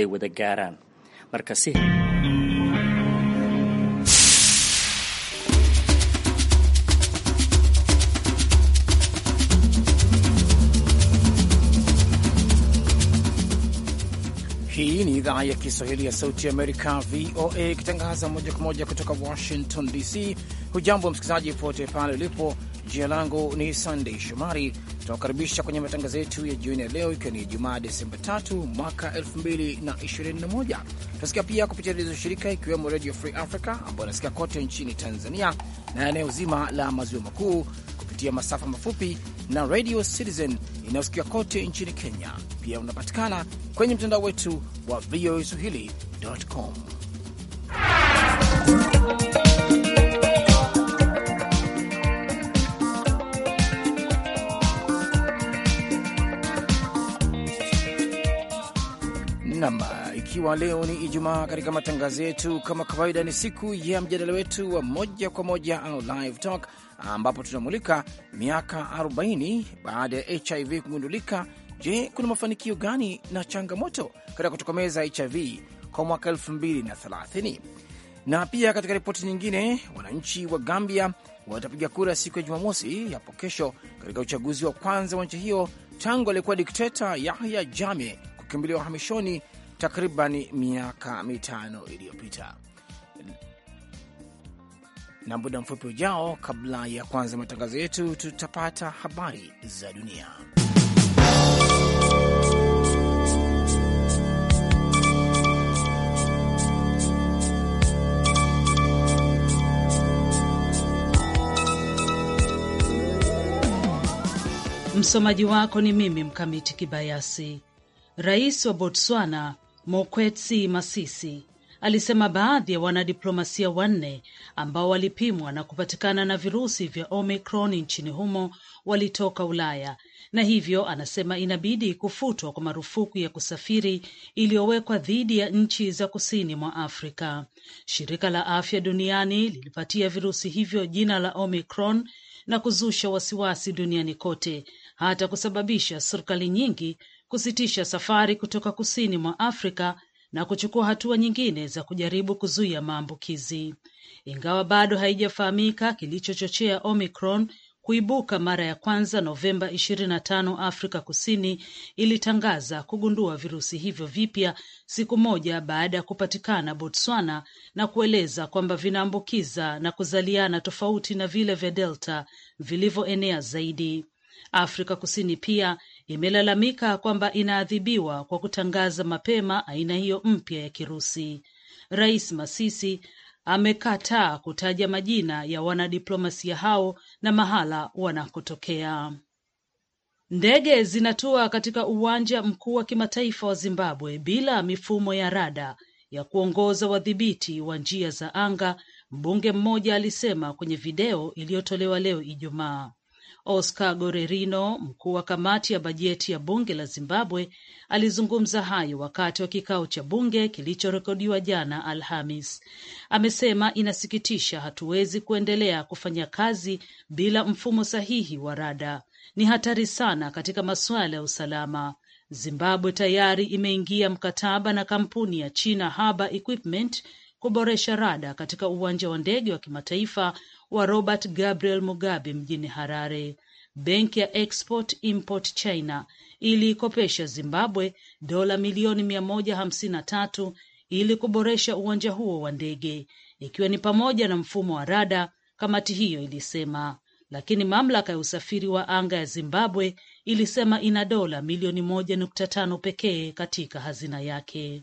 ay wada gaaraan marka si idhaa ya Kiswahili ya Sauti Amerika, VOA, ikitangaza moja kwa moja kutoka Washington DC. Hujambo msikilizaji popote pale ulipo. Jina langu ni sandey Shomari. Tunawakaribisha kwenye matangazo yetu ya jioni ya leo, ikiwa ni Jumaa Desemba 3 mwaka 2021. Tunasikia pia kupitia redio shirika ikiwemo Redio Free Africa ambayo inasikia kote nchini Tanzania na eneo zima la maziwa makuu kupitia masafa mafupi na Radio Citizen inayosikia kote nchini Kenya. Pia unapatikana kwenye mtandao wetu wa VOA swahili.com. namba ikiwa leo ni Ijumaa, katika matangazo yetu kama kawaida, ni siku ya mjadala wetu wa moja kwa moja au live talk, ambapo tunamulika miaka 40 baada ya HIV kugundulika. Je, kuna mafanikio gani na changamoto katika kutokomeza HIV kwa mwaka 2030? Na pia katika ripoti nyingine, wananchi wa Gambia watapiga kura siku ya Jumamosi hapo kesho katika uchaguzi wa kwanza wa nchi hiyo tangu aliyekuwa dikteta Yahya Jammeh kukimbilia uhamishoni takriban miaka mitano iliyopita. Na muda mfupi ujao, kabla ya kuanza matangazo yetu, tutapata habari za dunia. Msomaji wako ni mimi Mkamiti Kibayasi. Rais wa Botswana Mokwetsi Masisi alisema baadhi ya wanadiplomasia wanne ambao walipimwa na kupatikana na virusi vya Omicron nchini humo walitoka Ulaya na hivyo anasema inabidi kufutwa kwa marufuku ya kusafiri iliyowekwa dhidi ya nchi za kusini mwa Afrika. Shirika la Afya Duniani lilipatia virusi hivyo jina la Omicron na kuzusha wasiwasi duniani kote, hata kusababisha serikali nyingi kusitisha safari kutoka kusini mwa Afrika na kuchukua hatua nyingine za kujaribu kuzuia maambukizi, ingawa bado haijafahamika kilichochochea Omicron kuibuka mara ya kwanza. Novemba 25 Afrika Kusini ilitangaza kugundua virusi hivyo vipya siku moja baada ya kupatikana Botswana, na kueleza kwamba vinaambukiza na kuzaliana tofauti na vile vya Delta vilivyoenea zaidi. Afrika Kusini pia imelalamika kwamba inaadhibiwa kwa kutangaza mapema aina hiyo mpya ya kirusi. Rais Masisi amekataa kutaja majina ya wanadiplomasia hao na mahala wanakotokea. Ndege zinatua katika uwanja mkuu wa kimataifa wa Zimbabwe bila mifumo ya rada ya kuongoza wadhibiti wa njia za anga, mbunge mmoja alisema kwenye video iliyotolewa leo Ijumaa. Oscar Gorerino, mkuu wa kamati ya bajeti ya bunge la Zimbabwe, alizungumza hayo wakati wa kikao cha bunge kilichorekodiwa jana Alhamis. Amesema inasikitisha, hatuwezi kuendelea kufanya kazi bila mfumo sahihi wa rada. Ni hatari sana katika masuala ya usalama. Zimbabwe tayari imeingia mkataba na kampuni ya China Harbour Equipment kuboresha rada katika uwanja wa ndege wa kimataifa wa Robert Gabriel Mugabe mjini Harare. Benki ya Export Import China iliikopesha Zimbabwe dola milioni mia moja hamsini na tatu ili kuboresha uwanja huo wa ndege ikiwa ni pamoja na mfumo wa rada, kamati hiyo ilisema. Lakini mamlaka ya usafiri wa anga ya Zimbabwe ilisema ina dola milioni moja nukta tano pekee katika hazina yake.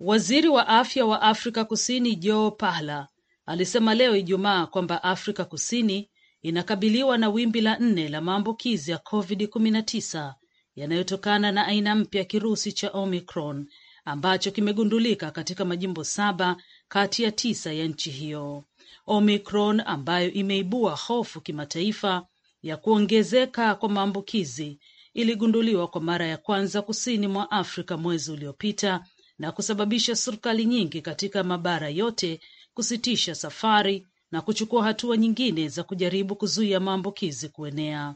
Waziri wa Afya wa Afrika Kusini Joe Pahla alisema leo Ijumaa kwamba Afrika Kusini inakabiliwa na wimbi la nne la maambukizi ya COVID-19 yanayotokana na aina mpya ya kirusi cha Omicron ambacho kimegundulika katika majimbo saba kati ya tisa ya nchi hiyo. Omicron ambayo imeibua hofu kimataifa ya kuongezeka kwa maambukizi iligunduliwa kwa mara ya kwanza kusini mwa Afrika mwezi uliopita na kusababisha serikali nyingi katika mabara yote kusitisha safari na kuchukua hatua nyingine za kujaribu kuzuia maambukizi kuenea.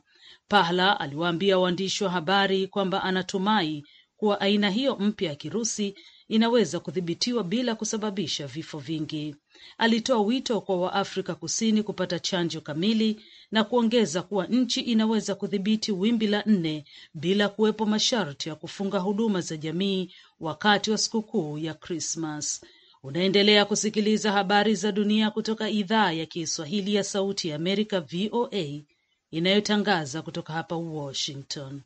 Pahla aliwaambia waandishi wa habari kwamba anatumai kuwa aina hiyo mpya ya kirusi inaweza kudhibitiwa bila kusababisha vifo vingi. Alitoa wito kwa Waafrika Kusini kupata chanjo kamili na kuongeza kuwa nchi inaweza kudhibiti wimbi la nne bila kuwepo masharti ya kufunga huduma za jamii wakati wa sikukuu ya Krismas. Unaendelea kusikiliza habari za dunia kutoka idhaa ya Kiswahili ya Sauti ya Amerika, VOA, inayotangaza kutoka hapa Washington.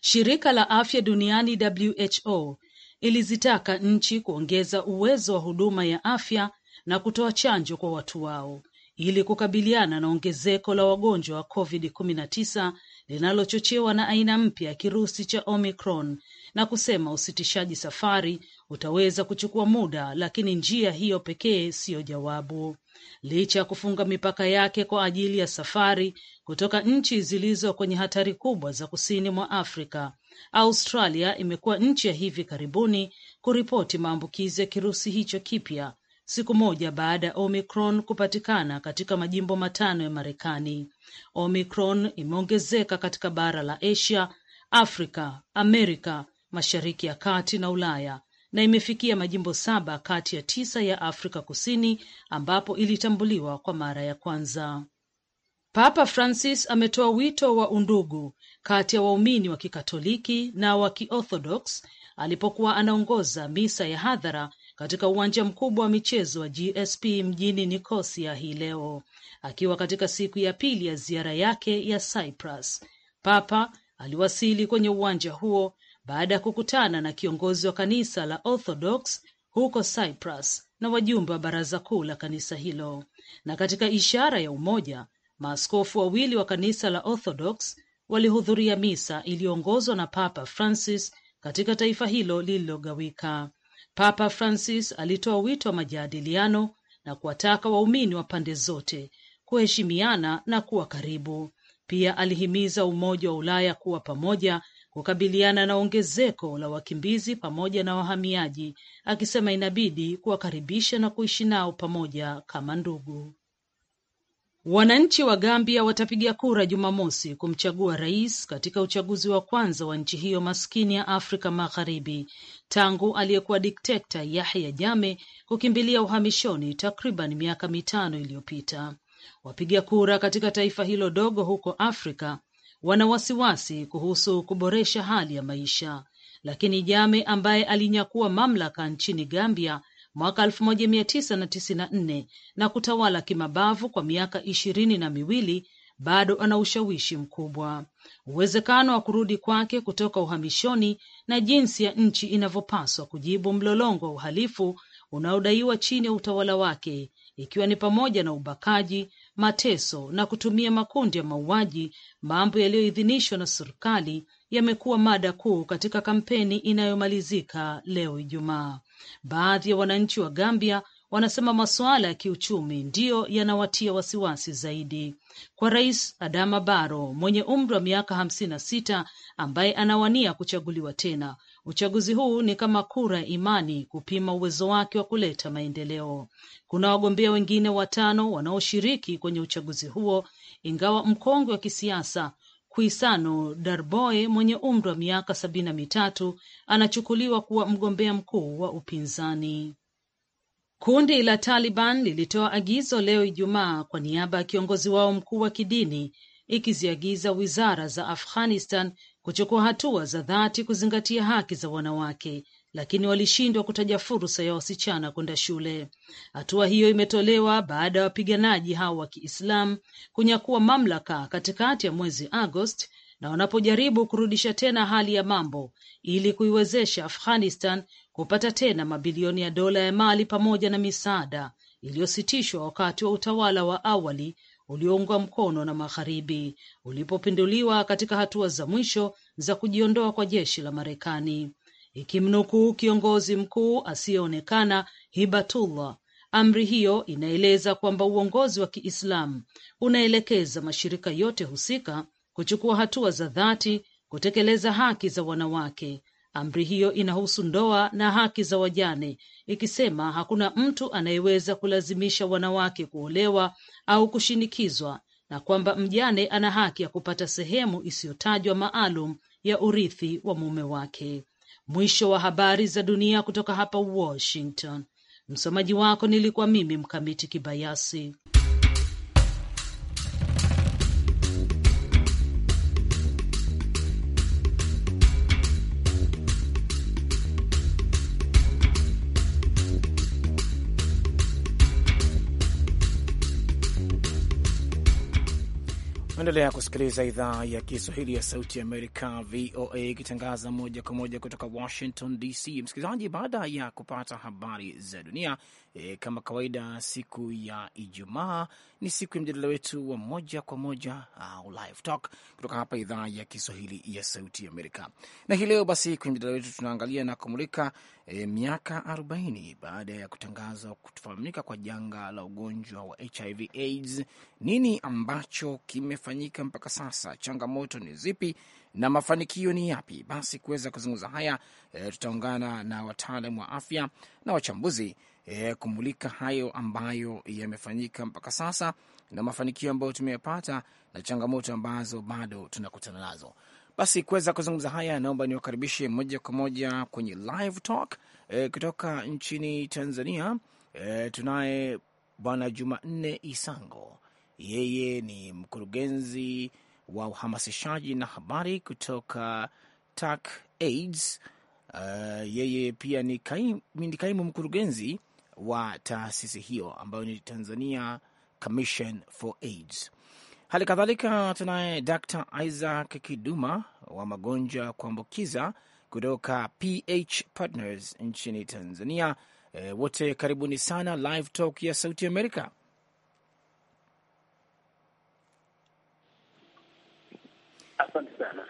Shirika la Afya Duniani, WHO, ilizitaka nchi kuongeza uwezo wa huduma ya afya na kutoa chanjo kwa watu wao ili kukabiliana na ongezeko la wagonjwa wa COVID-19 linalochochewa na aina mpya ya kirusi cha Omicron na kusema usitishaji safari utaweza kuchukua muda, lakini njia hiyo pekee siyo jawabu. Licha ya kufunga mipaka yake kwa ajili ya safari kutoka nchi zilizo kwenye hatari kubwa za kusini mwa Afrika, Australia imekuwa nchi ya hivi karibuni kuripoti maambukizi ya kirusi hicho kipya siku moja baada ya Omicron kupatikana katika majimbo matano ya Marekani. Omicron imeongezeka katika bara la Asia, Afrika, Amerika Mashariki ya Kati na Ulaya na imefikia majimbo saba kati ya tisa ya Afrika Kusini ambapo ilitambuliwa kwa mara ya kwanza. Papa Francis ametoa wito wa undugu kati ya waumini wa Kikatoliki na wa Kiorthodox alipokuwa anaongoza misa ya hadhara katika uwanja mkubwa wa michezo wa GSP mjini Nikosia hii leo, akiwa katika siku ya pili ya ziara yake ya Cyprus. Papa aliwasili kwenye uwanja huo baada ya kukutana na kiongozi wa kanisa la Orthodox huko Cyprus na wajumbe wa baraza kuu la kanisa hilo. Na katika ishara ya umoja, maaskofu wawili wa kanisa la Orthodox walihudhuria misa iliyoongozwa na Papa Francis katika taifa hilo lililogawika. Papa Francis alitoa wito wa majadiliano na kuwataka waumini wa pande zote kuheshimiana na kuwa karibu. Pia alihimiza umoja wa Ulaya kuwa pamoja kukabiliana na ongezeko la wakimbizi pamoja na wahamiaji, akisema inabidi kuwakaribisha na kuishi nao pamoja kama ndugu. Wananchi wa Gambia watapiga kura Jumamosi kumchagua rais katika uchaguzi wa kwanza wa nchi hiyo maskini ya Afrika Magharibi tangu aliyekuwa dikteta Yahya jame kukimbilia uhamishoni takriban miaka mitano iliyopita. Wapiga kura katika taifa hilo dogo huko Afrika wana wasiwasi kuhusu kuboresha hali ya maisha, lakini Jame ambaye alinyakua mamlaka nchini Gambia mwaka 1994 na kutawala kimabavu kwa miaka ishirini na miwili bado ana ushawishi mkubwa. Uwezekano wa kurudi kwake kutoka uhamishoni na jinsi ya nchi inavyopaswa kujibu mlolongo wa uhalifu unaodaiwa chini ya utawala wake, ikiwa ni pamoja na ubakaji, mateso na kutumia makundi ya mauaji, mambo yaliyoidhinishwa na serikali yamekuwa mada kuu katika kampeni inayomalizika leo Ijumaa. Baadhi ya wananchi wa Gambia wanasema masuala ya kiuchumi ndiyo yanawatia wasiwasi zaidi. Kwa Rais Adama Barrow mwenye umri wa miaka hamsini na sita ambaye anawania kuchaguliwa tena, Uchaguzi huu ni kama kura imani kupima uwezo wake wa kuleta maendeleo. Kuna wagombea wengine watano wanaoshiriki kwenye uchaguzi huo, ingawa mkongwe wa kisiasa Kuisano Darboe mwenye umri wa miaka sabini na mitatu anachukuliwa kuwa mgombea mkuu wa upinzani. Kundi la Taliban lilitoa agizo leo Ijumaa kwa niaba ya kiongozi wao mkuu wa kidini, ikiziagiza wizara za Afghanistan kuchukua hatua za dhati kuzingatia haki za wanawake, lakini walishindwa kutaja fursa ya wasichana kwenda shule. Hatua hiyo imetolewa baada ya wapiganaji hao wa Kiislamu kunyakua mamlaka katikati ya mwezi Agosti na wanapojaribu kurudisha tena hali ya mambo ili kuiwezesha Afghanistan kupata tena mabilioni ya dola ya mali pamoja na misaada iliyositishwa wakati wa utawala wa awali ulioungwa mkono na Magharibi ulipopinduliwa katika hatua za mwisho za kujiondoa kwa jeshi la Marekani, ikimnukuu kiongozi mkuu asiyeonekana Hibatullah. Amri hiyo inaeleza kwamba uongozi wa Kiislamu unaelekeza mashirika yote husika kuchukua hatua za dhati kutekeleza haki za wanawake Amri hiyo inahusu ndoa na haki za wajane, ikisema hakuna mtu anayeweza kulazimisha wanawake kuolewa au kushinikizwa, na kwamba mjane ana haki ya kupata sehemu isiyotajwa maalum ya urithi wa mume wake. Mwisho wa habari za dunia kutoka hapa Washington. Msomaji wako nilikuwa mimi Mkamiti Kibayasi. Unaendelea kusikiliza idhaa ya Kiswahili ya Sauti ya Amerika, VOA, ikitangaza moja kwa moja kutoka Washington DC. Msikilizaji, baada ya kupata habari za dunia, E, kama kawaida siku ya Ijumaa ni siku ya mjadala wetu wa moja kwa moja au live talk kutoka hapa idhaa ya Kiswahili ya Sauti ya Amerika. Na hii leo basi kwenye mjadala wetu tunaangalia na kumulika e, miaka 40 baada ya kutangazwa kufahamika kwa janga la ugonjwa wa HIV AIDS, nini ambacho kimefanyika mpaka sasa? Changamoto ni zipi na mafanikio ni yapi? Basi kuweza kuzungumza haya e, tutaungana na wataalamu wa afya na wachambuzi eh, kumulika hayo ambayo yamefanyika mpaka sasa na mafanikio ambayo tumeyapata na changamoto ambazo bado tunakutana nazo. Basi kuweza kuzungumza haya, naomba niwakaribishe moja kwa moja kwenye live talk eh, kutoka nchini Tanzania. eh, tunaye Bwana Jumanne Isango, yeye ni mkurugenzi wa uhamasishaji na habari kutoka TAC AIDS. Uh, yeye pia ni kaimu, ni kaimu mkurugenzi wa taasisi hiyo ambayo ni Tanzania Commission for AIDS. Hali kadhalika tunaye Dr. Isaac Kiduma wa magonjwa ya kuambukiza kutoka PH Partners nchini Tanzania. E, wote karibuni sana Live Talk ya Sauti Amerika. Asante sana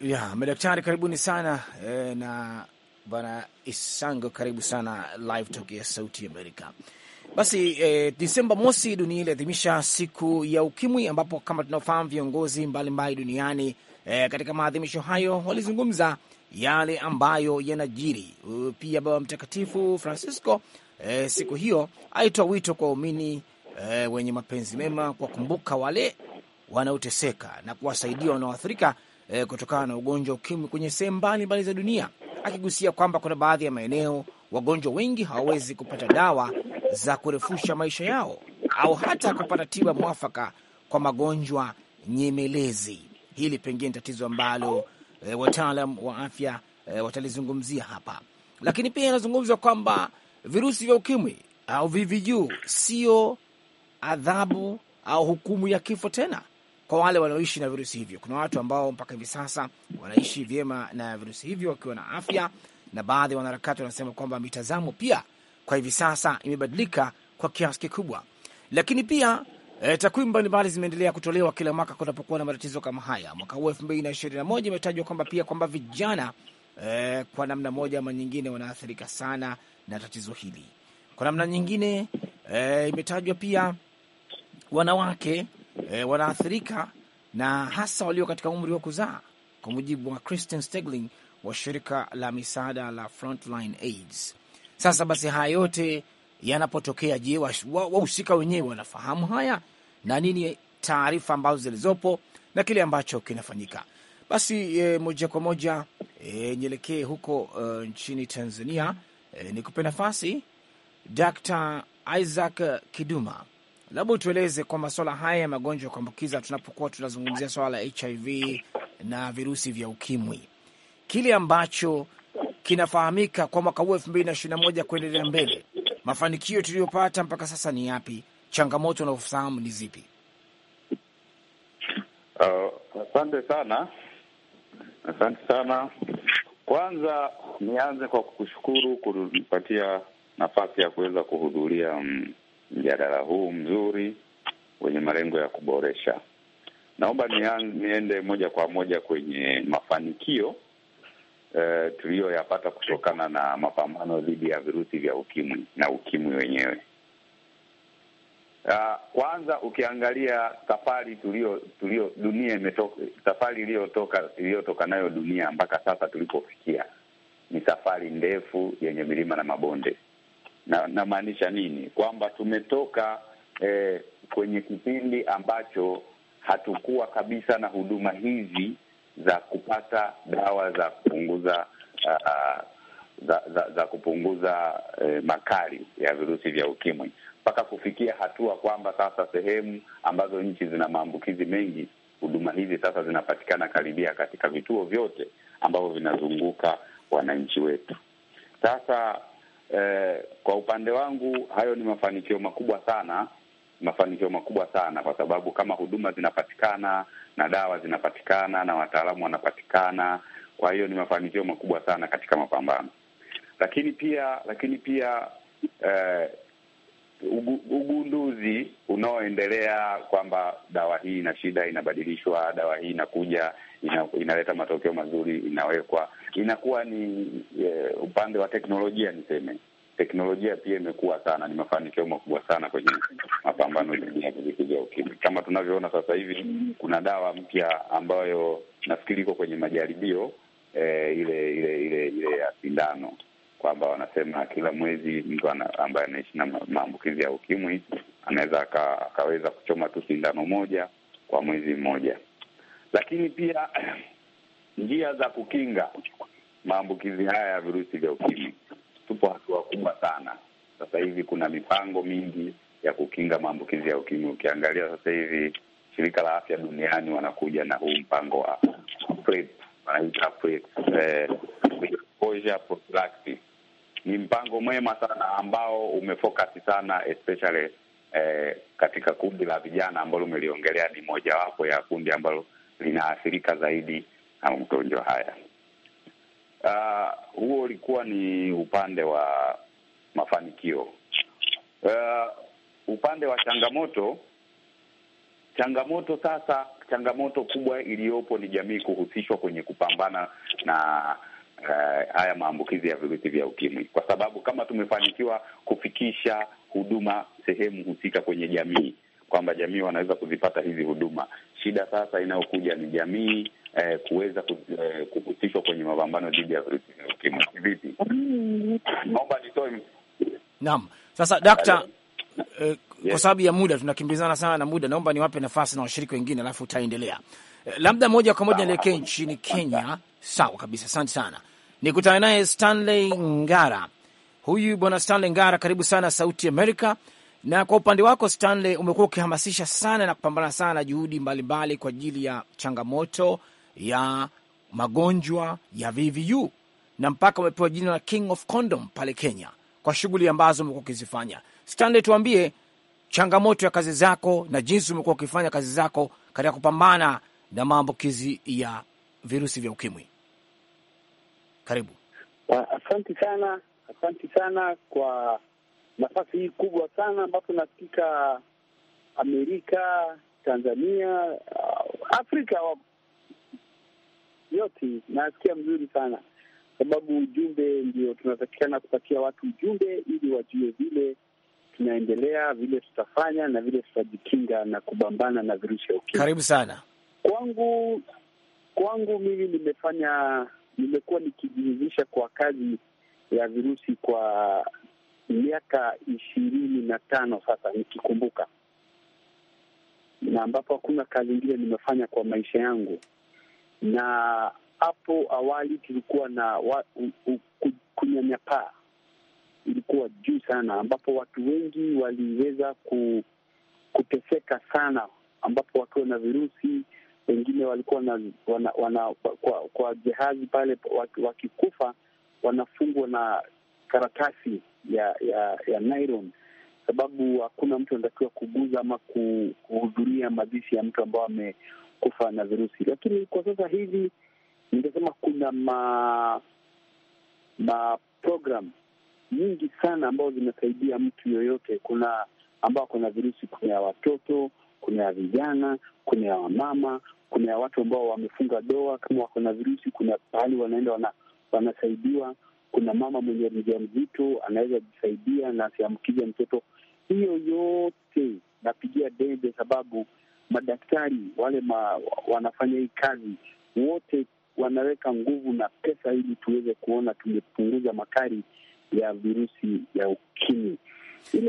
ya madaktari, karibuni sana e, na Bwana Isango, karibu sana Live Talk ya Sauti Amerika. Basi eh, Disemba mosi dunia iliadhimisha siku ya ukimwi, ambapo kama tunaofahamu viongozi mbalimbali duniani eh, katika maadhimisho hayo walizungumza yale ambayo yanajiri. Pia Baba Mtakatifu Francisco eh, siku hiyo aitoa wito kwa waumini eh, wenye mapenzi mema kuwakumbuka wale wanaoteseka na kuwasaidia wanaoathirika eh, kutokana na ugonjwa ukimwi kwenye sehemu mbalimbali za dunia akigusia kwamba kuna baadhi ya maeneo wagonjwa wengi hawawezi kupata dawa za kurefusha maisha yao au hata kupata tiba mwafaka kwa magonjwa nyemelezi. Hili pengine tatizo ambalo e, wataalam wa afya e, watalizungumzia hapa, lakini pia inazungumzwa kwamba virusi vya ukimwi au VVU sio adhabu au hukumu ya kifo tena, kwa wale wanaoishi na virusi hivyo. Kuna watu ambao mpaka hivi sasa wanaishi vyema na virusi hivyo wakiwa na afya, na baadhi ya wanaharakati wanasema kwamba mitazamo pia kwa hivi sasa imebadilika kwa kiasi kikubwa, lakini pia E, takwimu mbalimbali zimeendelea kutolewa kila mwaka kunapokuwa na matatizo kama haya. Mwaka huu elfu mbili na ishirini na moja imetajwa kwamba pia kwamba vijana e, kwa namna moja ama nyingine wanaathirika sana na tatizo hili. Kwa namna nyingine e, imetajwa pia wanawake e, wanaathirika na hasa walio katika umri wa kuzaa, kwa mujibu wa Christian Stegling wa shirika la misaada la Frontline AIDS. Sasa basi, haya yote yanapotokea, je, wahusika wa, wa wenyewe wanafahamu haya na nini taarifa ambazo zilizopo na kile ambacho kinafanyika? Basi e, moja kwa moja e, nielekee huko e, nchini Tanzania. E, nikupe nafasi Dr. Isaac Kiduma labda tueleze kwa masuala haya ya magonjwa ya kuambukiza, tunapokuwa tunazungumzia swala la HIV na virusi vya ukimwi, kile ambacho kinafahamika kwa mwaka huu elfu mbili na ishirini na moja kuendelea mbele, mafanikio tuliyopata mpaka sasa ni yapi? Changamoto unaofahamu ni zipi? Uh, asante sana asante sana. Kwanza nianze kwa kukushukuru kunipatia nafasi ya kuweza kuhudhuria mm, mjadala huu mzuri wenye malengo ya kuboresha. Naomba niende moja kwa moja kwenye mafanikio e, tuliyoyapata kutokana na mapambano dhidi ya virusi vya ukimwi na ukimwi wenyewe. Uh, kwanza ukiangalia safari tulio tulio dunia imetoka, safari iliyotoka iliyotoka nayo dunia mpaka sasa tulipofikia ni safari ndefu yenye milima na mabonde na namaanisha nini? Kwamba tumetoka eh, kwenye kipindi ambacho hatukuwa kabisa na huduma hizi za kupata dawa za kupunguza uh, za, za, za kupunguza eh, makali ya virusi vya ukimwi mpaka kufikia hatua kwamba sasa sehemu ambazo nchi zina maambukizi mengi huduma hizi sasa zinapatikana karibia katika vituo vyote ambavyo vinazunguka wananchi wetu. Sasa Eh, kwa upande wangu hayo ni mafanikio makubwa sana, mafanikio makubwa sana, kwa sababu kama huduma zinapatikana na dawa zinapatikana na wataalamu wanapatikana, kwa hiyo ni mafanikio makubwa sana katika mapambano. Lakini pia lakini pia eh, ugunduzi unaoendelea kwamba dawa hii ina shida, inabadilishwa, dawa hii inakuja ina, inaleta matokeo mazuri, inawekwa inakuwa ni e, upande wa teknolojia niseme teknolojia pia imekuwa sana, ni mafanikio makubwa sana kwenye mapambano dhidi ya virusi vya ukimwi. Kama tunavyoona sasa hivi kuna dawa mpya ambayo nafikiri iko kwenye majaribio e, ile ile ile ile ya sindano, kwamba wanasema kila mwezi mtu ambaye anaishi na maambukizi ya ukimwi anaweza akaweza kuchoma tu sindano moja kwa mwezi mmoja lakini pia njia za kukinga maambukizi haya ya virusi vya ukimwi, tupo hatua kubwa sana sasa hivi. Kuna mipango mingi ya kukinga maambukizi ya ukimwi. Ukiangalia sasa hivi shirika la afya duniani wanakuja na huu mpango wa PrEP, wanaita PrEP, eh, exposure prophylaxis. Ni mpango mwema sana ambao umefokasi sana especially eh, katika kundi la vijana ambalo umeliongelea, ni mojawapo ya kundi ambalo linaathirika zaidi na mgonjwa haya. Uh, huo ulikuwa ni upande wa mafanikio. Uh, upande wa changamoto, changamoto sasa, changamoto kubwa iliyopo ni jamii kuhusishwa kwenye kupambana na uh, haya maambukizi ya virusi vya ukimwi, kwa sababu kama tumefanikiwa kufikisha huduma sehemu husika kwenye jamii, kwamba jamii wanaweza kuzipata hizi huduma, Shida sasa inayokuja ni jamii eh, kuweza eh, kuhusishwa kwenye mapambano dhidi ya virusi vya ukimwi. Vipi? Naomba nitoe. Naam, sasa dakta eh, Kwa sababu ya muda tunakimbizana sana na muda, naomba niwape nafasi na washiriki wengine, alafu utaendelea eh, labda moja kwa moja nielekee nchini Kenya. Sawa kabisa, asante sana. Nikutana naye Stanley Ngara. Huyu bwana Stanley Ngara, karibu sana Sauti Amerika. Na kwa upande wako Stanley, umekuwa ukihamasisha sana na kupambana sana na juhudi mbalimbali kwa ajili ya changamoto ya magonjwa ya VVU na mpaka umepewa jina la King of Condom pale Kenya kwa shughuli ambazo umekuwa ukizifanya. Stanley, tuambie changamoto ya kazi zako na jinsi umekuwa ukifanya kazi zako katika kupambana na maambukizi ya virusi vya ukimwi. Karibu. Asante sana, asante sana kwa nafasi hii kubwa sana, ambapo nasikika Amerika, Tanzania, uh, Afrika yote nasikia mzuri sana sababu ujumbe ndio tunatakikana kupatia watu ujumbe, ili wajue vile tunaendelea, vile tutafanya na vile tutajikinga na kubambana na virusi vya ukimwi. Karibu sana kwangu. Kwangu mimi nimefanya, nimekuwa nikijihusisha kwa kazi ya virusi kwa miaka ishirini na tano sasa nikikumbuka, na ambapo hakuna kazi ingine nimefanya kwa maisha yangu. Na hapo awali tulikuwa na kunyanyapaa ilikuwa juu sana, ambapo watu wengi waliweza ku, kuteseka sana, ambapo wakiwa na virusi wengine walikuwa na, wana, wana, kwa, kwa jehazi pale wakikufa wanafungwa na karatasi ya ya ya nylon, sababu hakuna mtu anatakiwa kuguza ama kuhudhuria mazishi ya mtu ambao amekufa na virusi. Lakini kwa sasa hivi ningesema kuna ma, ma program nyingi sana ambazo zinasaidia mtu yoyote. Kuna ambao kuna virusi, kuna ya watoto, kuna ya vijana, kuna ya wamama, kuna ya watu ambao wamefunga doa kama wako na virusi, kuna pahali wanaenda wana, wanasaidiwa kuna mama mwenye mzito anaweza jisaidia na asiambukize mtoto. Hiyo yote napigia debe, sababu madaktari wale ma, wanafanya hii kazi wote wanaweka nguvu na pesa ili tuweze kuona tumepunguza makali ya virusi ya ukimwi.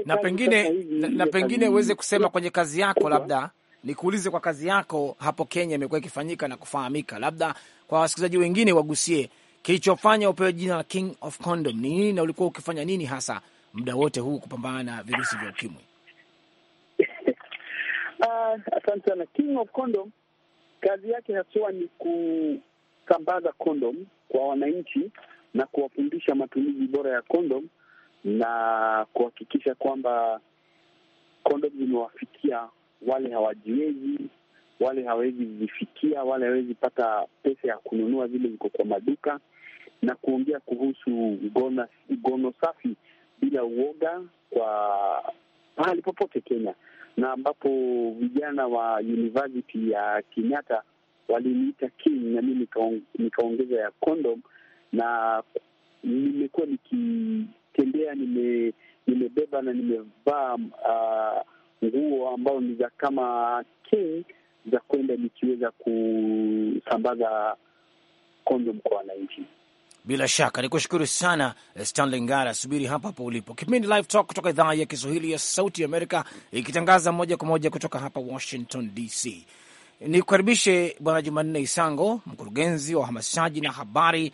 Na pengine na, na pengine uweze kusema kwenye kazi yako, labda nikuulize kwa kazi yako hapo Kenya imekuwa ikifanyika na kufahamika, labda kwa wasikilizaji wengine wagusie kilichofanya upewe jina la King of Condom ni nini, na ulikuwa ukifanya nini hasa muda wote huu kupambana na virusi vya ukimwi? Ah, asante sana. King of Condom kazi yake haswa ni kusambaza condom kwa wananchi na kuwafundisha matumizi bora ya condom na kuhakikisha kwamba condom zimewafikia wale hawajiwezi, wale hawezi zifikia, wale hawezi pata pesa ya kununua zile ziko kwa maduka na kuongea kuhusu gono, safi bila uoga kwa pahali popote Kenya, na ambapo vijana wa University ya Kenyatta waliniita king na mi nikaongeza ya condom, na nimekuwa nikitembea nime, nimebeba na nimevaa uh, nguo ambao ambayo ni za kama king za kwenda nikiweza kusambaza condom kwa wananchi. Bila shaka nikushukuru sana eh, Stanley Ngara, subiri hapa hapo ulipo. Kipindi Live Talk kutoka idhaa ya Kiswahili ya Sauti Amerika, ikitangaza moja kwa moja kutoka hapa Washington DC. Nikukaribishe Bwana Jumanne Isango, mkurugenzi wa uhamasishaji na habari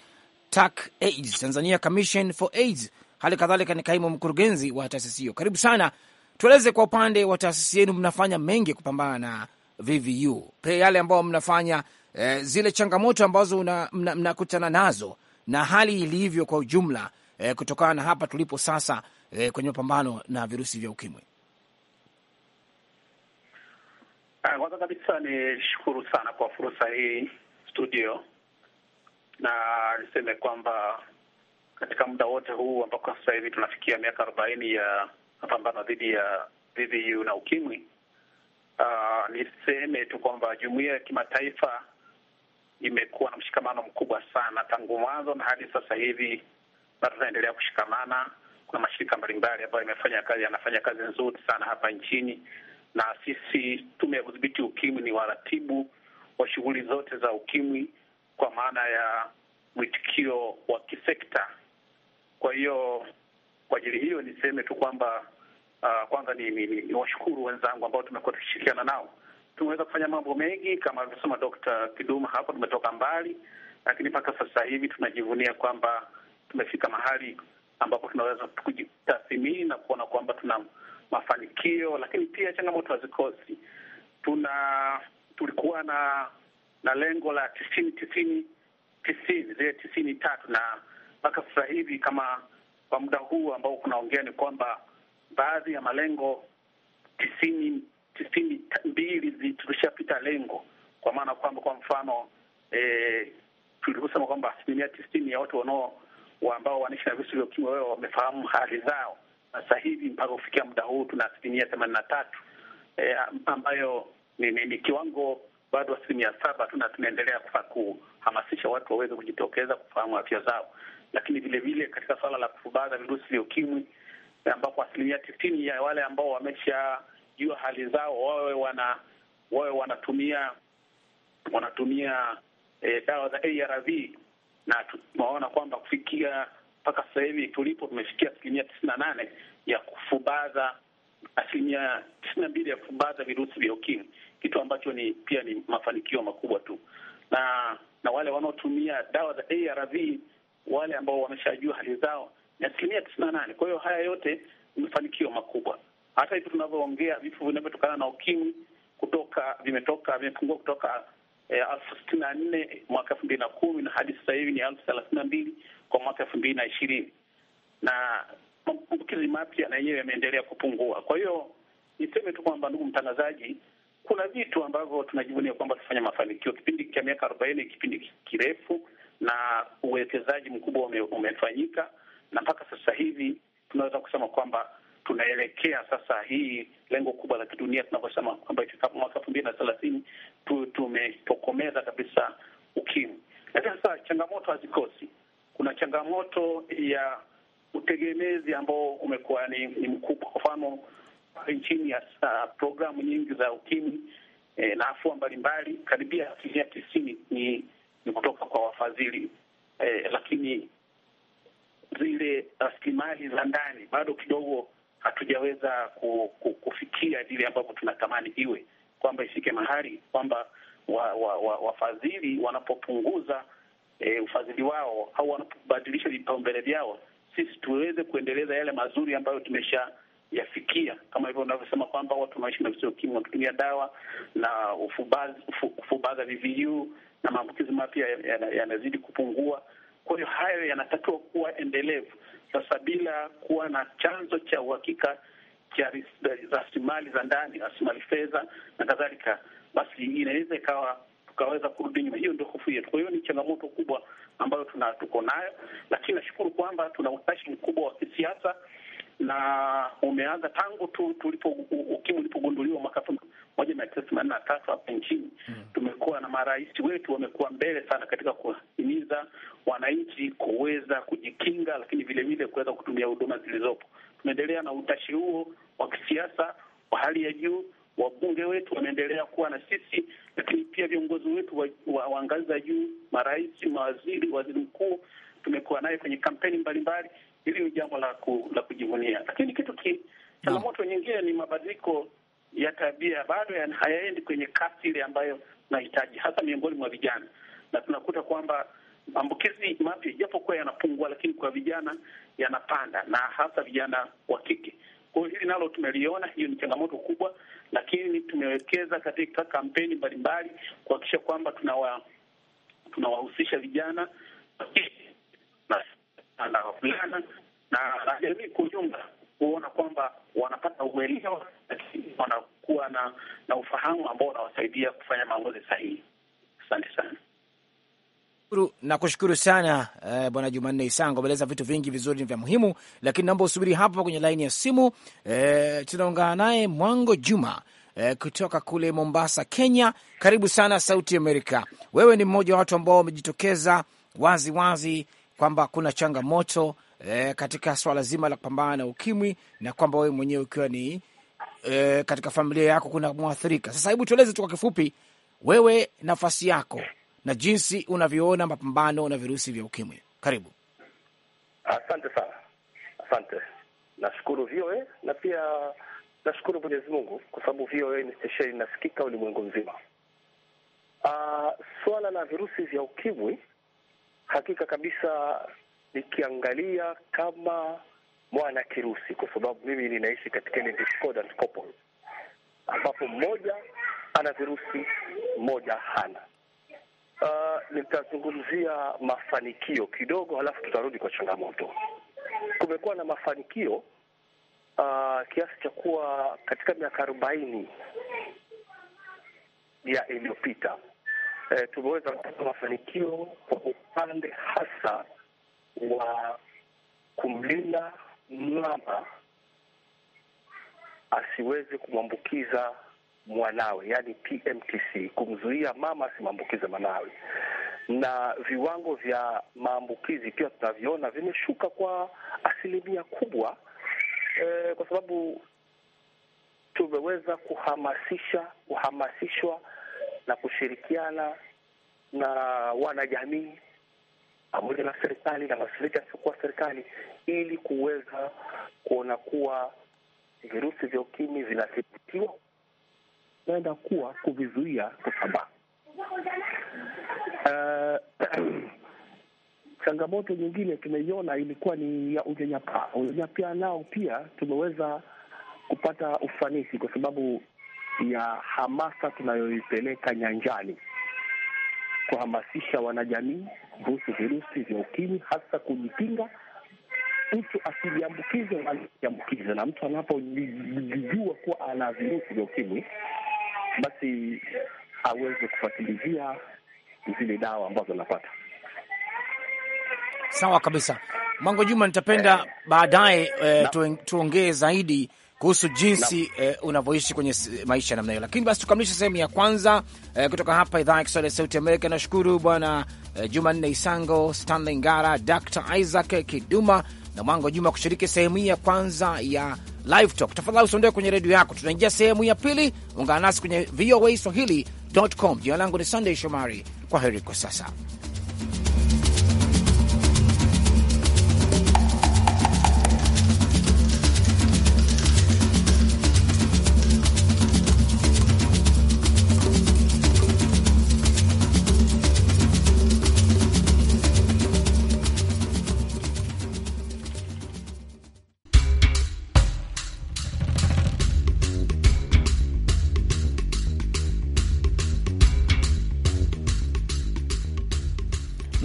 TAC AIDS, Tanzania Commission for AIDS, hali kadhalika ni kaimu mkurugenzi wa taasisi hiyo. Karibu sana, tueleze kwa upande wa taasisi yenu, mnafanya mengi kupambana na VVU, pe yale ambayo mnafanya eh, zile changamoto ambazo mnakutana mna nazo na hali ilivyo kwa ujumla eh, kutokana na hapa tulipo sasa eh, kwenye mapambano na virusi vya ukimwi? Ah, kwanza kabisa ni shukuru sana kwa fursa hii studio, na niseme kwamba katika muda wote huu ambako sasa hivi tunafikia miaka arobaini ya mapambano dhidi ya VVU na ukimwi, uh, niseme tu kwamba jumuiya ya kimataifa imekuwa na mshikamano mkubwa sana tangu mwanzo na hadi sasa hivi, na tunaendelea kushikamana. Kuna mashirika mbalimbali ambayo imefanya kazi, yanafanya kazi nzuri sana hapa nchini, na sisi Tume ya Kudhibiti Ukimwi ni waratibu wa shughuli zote za ukimwi kwa maana ya mwitikio wa kisekta. Kwa hiyo kwa ajili hiyo niseme tu kwamba uh, kwanza ni, ni, ni washukuru wenzangu ambao tumekuwa tukishirikiana nao tumeweza kufanya mambo mengi kama alivyosema dokta Kiduma hapo, tumetoka mbali, lakini mpaka sasa hivi tunajivunia kwamba tumefika mahali ambapo tunaweza kujitathimini na kuona kwamba tuna mafanikio, lakini pia changamoto hazikosi. Tuna tulikuwa na na lengo la tisini tisini tisini zile tisini tatu na mpaka sasa hivi kama kwa muda huu ambao kunaongea ni kwamba baadhi ya malengo tisini tisini mbili tulishapita lengo, kwa maana kwamba kwa mfano e, tulivyosema kwamba asilimia tisini ya watu wanao ambao wanaishi na virusi vya ukimwi wao wamefahamu hali zao. Sasa hivi mpaka kufikia muda huu tuna asilimia themanini na tatu e, ambayo ni, ni, ni kiwango bado asilimia saba tu, na tunaendelea kufa kuhamasisha watu waweze kujitokeza kufahamu afya zao, lakini vile vile katika suala la kufubaza virusi vya ukimwi ambapo asilimia tisini ya wale ambao wamesha jua hali zao, wawe wana wawe wanatumia wanatumia e, dawa za ARV na tunaona kwamba kufikia mpaka sasa hivi tulipo tumefikia asilimia tisini na nane ya kufubaza asilimia tisini na mbili ya kufubaza virusi vya ukimwi, kitu ambacho ni pia ni mafanikio makubwa tu, na na wale wanaotumia dawa za ARV wale ambao wameshajua hali zao ni asilimia tisini na nane. Kwa hiyo haya yote ni mafanikio makubwa. Hata hivi tunavyoongea vifo vinavyotokana na ukimwi kutoka vimetoka vimepungua kutoka eh, elfu sitini na nne mwaka elfu mbili na kumi na hadi sasa hivi ni elfu thelathini na mbili kwa mwaka elfu mbili na ishirini na maambukizi mapya na yenyewe yameendelea kupungua. Kwa hiyo niseme tu kwamba, ndugu mtangazaji, kuna vitu ambavyo tunajivunia kwamba tufanya mafanikio. Kipindi cha miaka arobaini kipindi kirefu na uwekezaji mkubwa ume, umefanyika na mpaka sasa hivi tunaweza kusema kwamba tunaelekea sasa hii lengo kubwa la kidunia tunavyosema kwamba ifikapo mwaka elfu mbili na thelathini tu tumetokomeza kabisa ukimwi. Lakini sasa changamoto hazikosi. Kuna changamoto ya utegemezi ambao umekuwa ni, ni mkubwa. Kwa mfano nchini ya uh, programu nyingi za ukimwi eh, na afua mbalimbali, karibia asilimia tisini ni, ni kutoka kwa wafadhili eh, lakini zile rasilimali za ndani bado kidogo hatujaweza kufikia vile ambavyo tunatamani iwe, kwamba ifike mahali kwamba wafadhili wa, wa, wa wanapopunguza e, ufadhili wao au wanapobadilisha vipaumbele vyao, sisi tuweze kuendeleza yale mazuri ambayo tumesha yafikia kama hivyo unavyosema kwamba watu wanaishi na virusi ukimwi wakitumia dawa na ufu, ufubaza VVU na maambukizi mapya yanazidi ya, ya kupungua. Kwa hiyo hayo yanatakiwa kuwa endelevu, sasa bila kuwa na chanzo cha uhakika cha rasilimali za ndani, rasilimali fedha na kadhalika, basi inaweza ikawa tukaweza kurudi nyuma. Hiyo ndio hofu yetu. Kwa hiyo ni changamoto kubwa ambayo tuna tuko nayo, lakini nashukuru kwamba tuna utashi mkubwa wa kisiasa na umeanza tangu tu tulipo ukimwi ulipogunduliwa mwaka elfu moja mia tisa themanini na tatu hapa nchini. Mm. Tumekuwa na marais wetu wamekuwa mbele sana katika kuhimiza wananchi kuweza kujikinga, lakini vilevile kuweza kutumia huduma zilizopo. Tumeendelea na utashi huo wa kisiasa wa hali ya juu. Wabunge wetu wanaendelea kuwa na sisi, lakini pia viongozi wetu wa, wa, wa ngazi za juu, marais, mawaziri, waziri mkuu tumekuwa naye kwenye kampeni mbalimbali mbali. Hili ni jambo la, ku, la kujivunia, lakini kitu ki changamoto no. nyingine ni mabadiliko ya tabia bado hayaendi kwenye kasi ile ambayo nahitaji, hasa miongoni mwa vijana, na tunakuta kwamba maambukizi mapya ijapokuwa yanapungua, lakini kwa vijana yanapanda, na hasa vijana wa kike. Kwa hiyo hili nalo tumeliona, hiyo ni changamoto kubwa, lakini tumewekeza katika kampeni mbalimbali kuhakikisha kwamba tunawa tunawahusisha vijana la wavulana na la jamii kwa ujumla kuona kwamba wanapata uelewa, lakini wanakuwa na na ufahamu ambao unawasaidia kufanya maamuzi sahihi. Asante sana. Nakushukuru sana eh, Bwana Jumanne Isango, umeeleza vitu vingi vizuri vya muhimu, lakini naomba usubiri hapa kwenye laini ya simu. Eh, tunaungana naye Mwango Juma eh, kutoka kule Mombasa, Kenya. Karibu sana Sauti Amerika. Wewe ni mmoja wa watu ambao wamejitokeza wazi wazi kwamba kuna changamoto e, katika swala zima la kupambana na ukimwi na kwamba wewe mwenyewe ukiwa ni e, katika familia yako kuna mwathirika. Sasa hebu tueleze tu kwa kifupi, wewe nafasi yako na jinsi unavyoona mapambano na virusi vya ukimwi. Karibu. Asante sana, asante. Nashukuru VOA na pia nashukuru Mwenyezi Mungu kwa sababu VOA ni stesheni inasikika ulimwengu mzima. Uh, ah, suala la virusi vya ukimwi Hakika kabisa, nikiangalia kama mwana kirusi, kwa sababu mimi ninaishi katika ile discordant couple ambapo mmoja ana virusi mmoja hana. Uh, nitazungumzia mafanikio kidogo, halafu tutarudi kwa changamoto. Kumekuwa na mafanikio uh, kiasi cha kuwa katika miaka arobaini ya iliyopita eh, tumeweza kupata mafanikio kwa upande hasa wa kumlinda mama asiweze kumwambukiza mwanawe, yaani PMTC, kumzuia mama asimwambukize mwanawe, na viwango vya maambukizi pia tunavyoona vimeshuka kwa asilimia kubwa e, kwa sababu tumeweza kuhamasisha kuhamasishwa na kushirikiana na wanajamii pamoja na serikali na mashirika yasiokuwa serikali ili kuweza kuona kuwa virusi vya ukimwi vinathibitiwa naenda kuwa kuvizuia kusambaa. Uh, changamoto nyingine tumeiona ilikuwa ni ya unyanyapaa. Unyanyapaa nao pia tumeweza kupata ufanisi kwa sababu ya hamasa tunayoipeleka nyanjani kuhamasisha wanajamii kuhusu virusi vya ukimwi, hasa kujikinga mtu asijiambukize wala Na mtu anapojijua kuwa ana virusi vya ukimwi, basi aweze kufuatilizia zile dawa ambazo anapata. Sawa kabisa, Mwango Juma, nitapenda baadaye eh, tuongee zaidi kuhusu jinsi eh, unavyoishi kwenye maisha namna hiyo. Lakini basi tukamilishe sehemu ya kwanza eh, kutoka hapa idhaa ya Kiswahili ya Sauti Amerika. Nashukuru bwana eh, Jumanne Isango, Stanley Ngara, Dr Isaac Kiduma na Mwango Juma kushiriki sehemu hii ya kwanza ya Live Talk. Tafadhali usiondoe kwenye redio yako, tunaingia sehemu ya pili. Ungana nasi kwenye VOA Swahili.com. Jina langu ni Sunday Shomari. Kwa heri kwa sasa.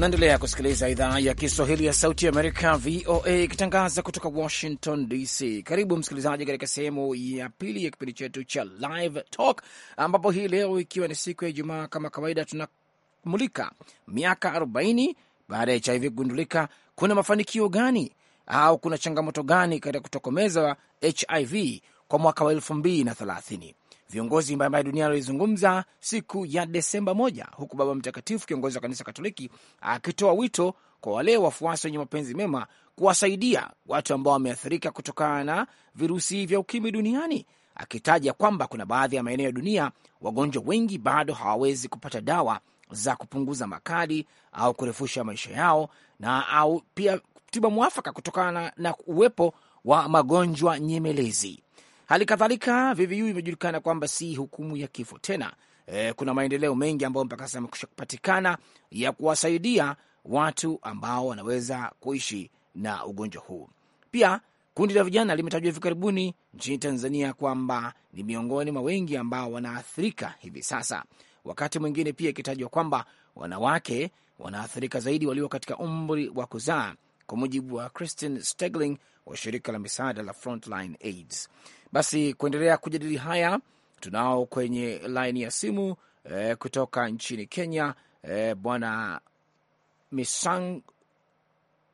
Naendelea kusikiliza idhaa ya Kiswahili ya Sauti Amerika, VOA, ikitangaza kutoka Washington DC. Karibu msikilizaji, katika sehemu ya pili ya kipindi chetu cha Live Talk, ambapo hii leo ikiwa ni siku ya Ijumaa, kama kawaida, tunamulika miaka 40 baada ya HIV kugundulika. Kuna mafanikio gani au kuna changamoto gani katika kutokomeza HIV kwa mwaka wa 2030? Viongozi mbalimbali duniani walizungumza siku ya Desemba moja, huku Baba Mtakatifu, kiongozi wa kanisa Katoliki, akitoa wito kwa wale wafuasi wenye mapenzi mema kuwasaidia watu ambao wameathirika kutokana na virusi vya ukimwi duniani, akitaja kwamba kuna baadhi ya maeneo ya dunia wagonjwa wengi bado hawawezi kupata dawa za kupunguza makali au kurefusha maisha yao na au pia tiba mwafaka kutokana na uwepo wa magonjwa nyemelezi. Hali kadhalika VVU imejulikana kwamba si hukumu ya kifo tena. E, kuna maendeleo mengi ambayo mpaka sasa yamekusha kupatikana ya kuwasaidia watu ambao wanaweza kuishi na ugonjwa huu. Pia kundi la vijana limetajwa hivi karibuni nchini Tanzania kwamba ni miongoni mwa wengi ambao wanaathirika hivi sasa, wakati mwingine pia ikitajwa kwamba wanawake wanaathirika zaidi walio katika umri wa kuzaa, kwa mujibu wa Christine Stegling wa shirika la misaada la Frontline AIDS. Basi kuendelea kujadili haya, tunao kwenye laini ya simu eh, kutoka nchini Kenya eh, bwana Misang,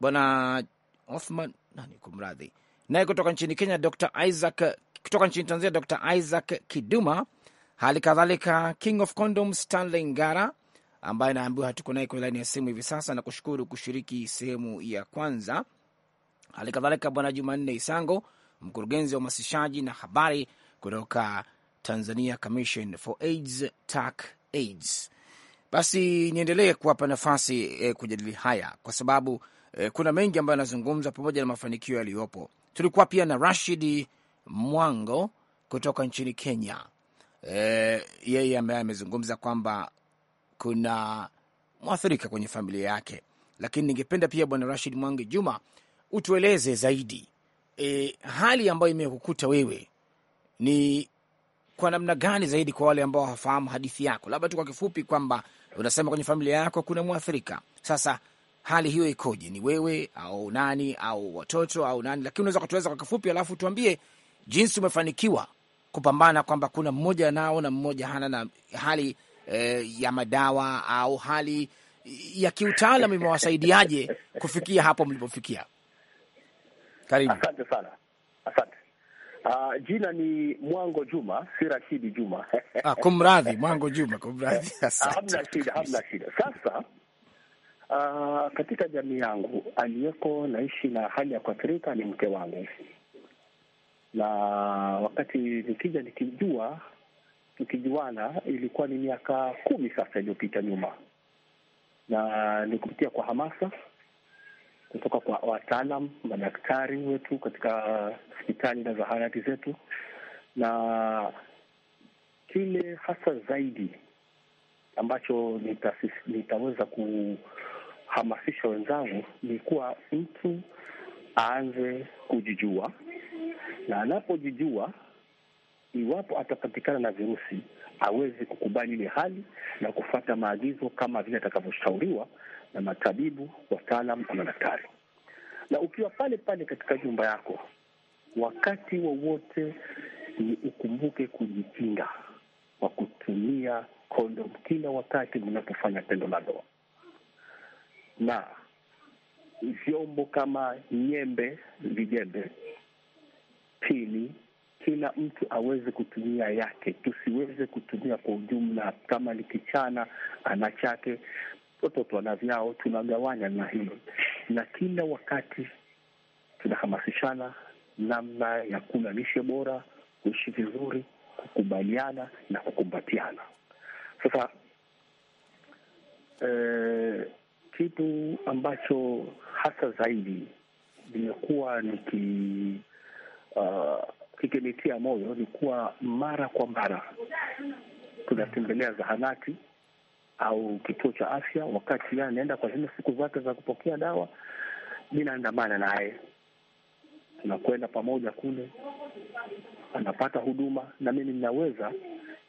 bwana Othman nani, kumradhi, naye kutoka nchini Kenya Dr. Isaac, kutoka nchini Tanzania Dr. Isaac Kiduma, hali kadhalika King of Condom Stanley Ngara ambaye naambiwa hatuko naye kwenye laini ya simu hivi sasa, na kushukuru kushiriki sehemu ya kwanza. Hali kadhalika bwana Jumanne Isango mkurugenzi wa uhamasishaji na habari kutoka Tanzania Commission for AIDS TAC AIDS. Basi niendelee kuwapa nafasi eh, kujadili haya kwa sababu eh, kuna mengi ambayo yanazungumzwa pamoja na mafanikio yaliyopo. Tulikuwa pia na Rashid Mwango kutoka nchini Kenya. Eh, yeye ambaye amezungumza kwamba kuna mwathirika kwenye familia yake, lakini ningependa pia Bwana Rashid Mwange Juma utueleze zaidi e, hali ambayo imekukuta wewe ni kwa namna gani zaidi kwa wale ambao hawafahamu hadithi yako, labda tu kwa kifupi, kwamba unasema kwenye familia yako kuna mwathirika. Sasa hali hiyo ikoje? Ni wewe au nani au watoto au nani? Lakini unaweza kutueleza kwa kifupi, alafu tuambie jinsi umefanikiwa kupambana, kwamba kuna mmoja nao na mmoja hana, na hali e, ya madawa au hali ya kiutaalam imewasaidiaje kufikia hapo mlipofikia? Karibu. Asante sana, asante. Uh, jina ni Mwango Juma, si Rashidi Juma. Ah, kumradhi, Mwango Juma, kumradhi. Ah, hamna shida, hamna shida. Sasa uh, katika jamii yangu aliyeko naishi na hali ya kuathirika ni mke wangu, na wakati nikija nikijua tukijuana ilikuwa ni miaka kumi sasa iliyopita nyuma, na ni kupitia kwa hamasa kutoka kwa wataalam madaktari wetu katika hospitali na zahanati zetu, na kile hasa zaidi ambacho nita, nitaweza kuhamasisha wenzangu ni kuwa mtu aanze kujijua, na anapojijua, iwapo atapatikana na virusi aweze kukubali ile hali na kufata maagizo kama vile atakavyoshauriwa na matabibu wataalam na madaktari, na ukiwa pale pale katika nyumba yako wakati wowote wa ni ukumbuke kujikinga kwa kutumia kondom kila wakati mnapofanya tendo la ndoa, na vyombo kama nyembe, vijembe. Pili, kila mtu aweze kutumia yake, tusiweze kutumia kwa ujumla. Kama ni kichana ana chake, watoto wana vyao, tunagawanya na hilo, na kila wakati tunahamasishana namna ya kula lishe bora, kuishi vizuri, kukubaliana na kukumbatiana. Sasa e, kitu ambacho hasa zaidi nimekuwa niki uh, kikinitia moyo ni kuwa mara kwa mara tunatembelea zahanati au kituo cha afya, wakati anaenda kwa zile siku zake za kupokea dawa, ninaandamana naye, tunakwenda pamoja kule, anapata huduma na mimi ninaweza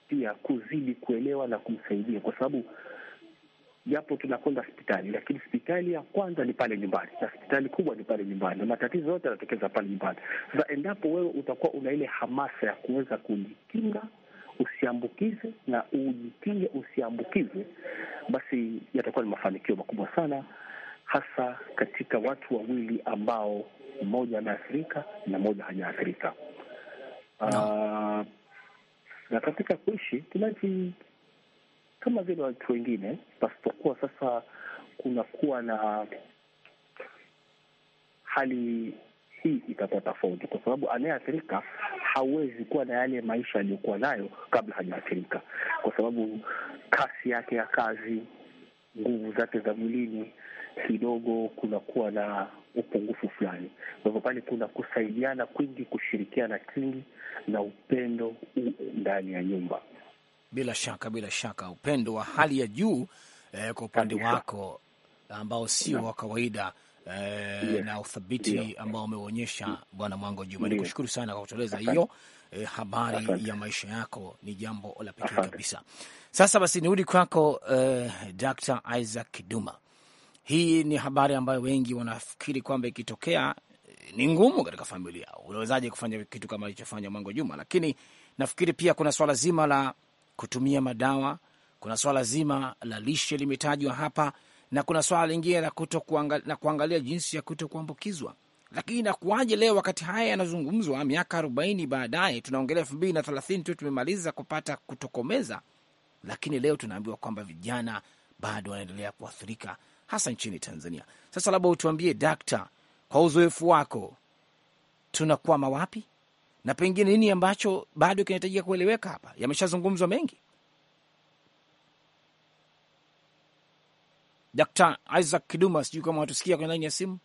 pia kuzidi kuelewa na kumsaidia, kwa sababu japo tunakwenda hospitali, lakini hospitali ya kwanza ni pale nyumbani, na hospitali kubwa ni pale nyumbani, na matatizo yote yanatokeza pale nyumbani. Sasa endapo wewe utakuwa una ile hamasa ya kuweza kujikinga usiambukize na ujikinge usiambukize, basi yatakuwa ni mafanikio makubwa sana, hasa katika watu wawili ambao mmoja ameathirika na mmoja hajaathirika. No. Ah, na katika kuishi tunaji kama vile watu wengine, pasipokuwa sasa kunakuwa na hali hii itakuwa tofauti, kwa sababu anayeathirika hawezi kuwa na yale maisha aliyokuwa nayo kabla hajaathirika, kwa sababu kasi yake ya kazi, nguvu zake za mwilini kidogo kunakuwa na upungufu fulani. Kwa hivyo pale kuna kusaidiana kwingi, kushirikiana kingi na upendo ndani ya nyumba. Bila shaka, bila shaka, upendo wa hali ya juu eh, kwa upande wako ambao sio wa kawaida eh, yeah. na uthabiti yeah. ambao umeonyesha Bwana Mwango Juma yeah. Nikushukuru sana kwa kutueleza hiyo eh, habari Asante. ya maisha yako ni jambo la pekee kabisa. Sasa basi nirudi kwako eh, Dr. Isaac Duma. Hii ni habari ambayo wengi wanafikiri kwamba ikitokea eh, ni ngumu katika familia. Unawezaje kufanya kitu kama alichofanya Mwango Juma? Lakini nafikiri pia kuna swala zima la kutumia madawa, kuna swala zima la lishe limetajwa hapa, na kuna swala lingine la kuto kuangalia, na kuangalia jinsi ya kuto kuambukizwa. Lakini inakuwaje leo wakati haya yanazungumzwa miaka arobaini baadaye, tunaongelea elfu mbili na thelathini tu tumemaliza kupata kutokomeza, lakini leo tunaambiwa kwamba vijana bado wanaendelea kuathirika hasa nchini Tanzania. Sasa labda utuambie dakta, kwa uzoefu wako tunakwama wapi na pengine nini ambacho bado kinahitajika kueleweka hapa? Yameshazungumzwa mengi Dkt. Isaac Kiduma, sijui kama watusikia kwenye laini ya simu.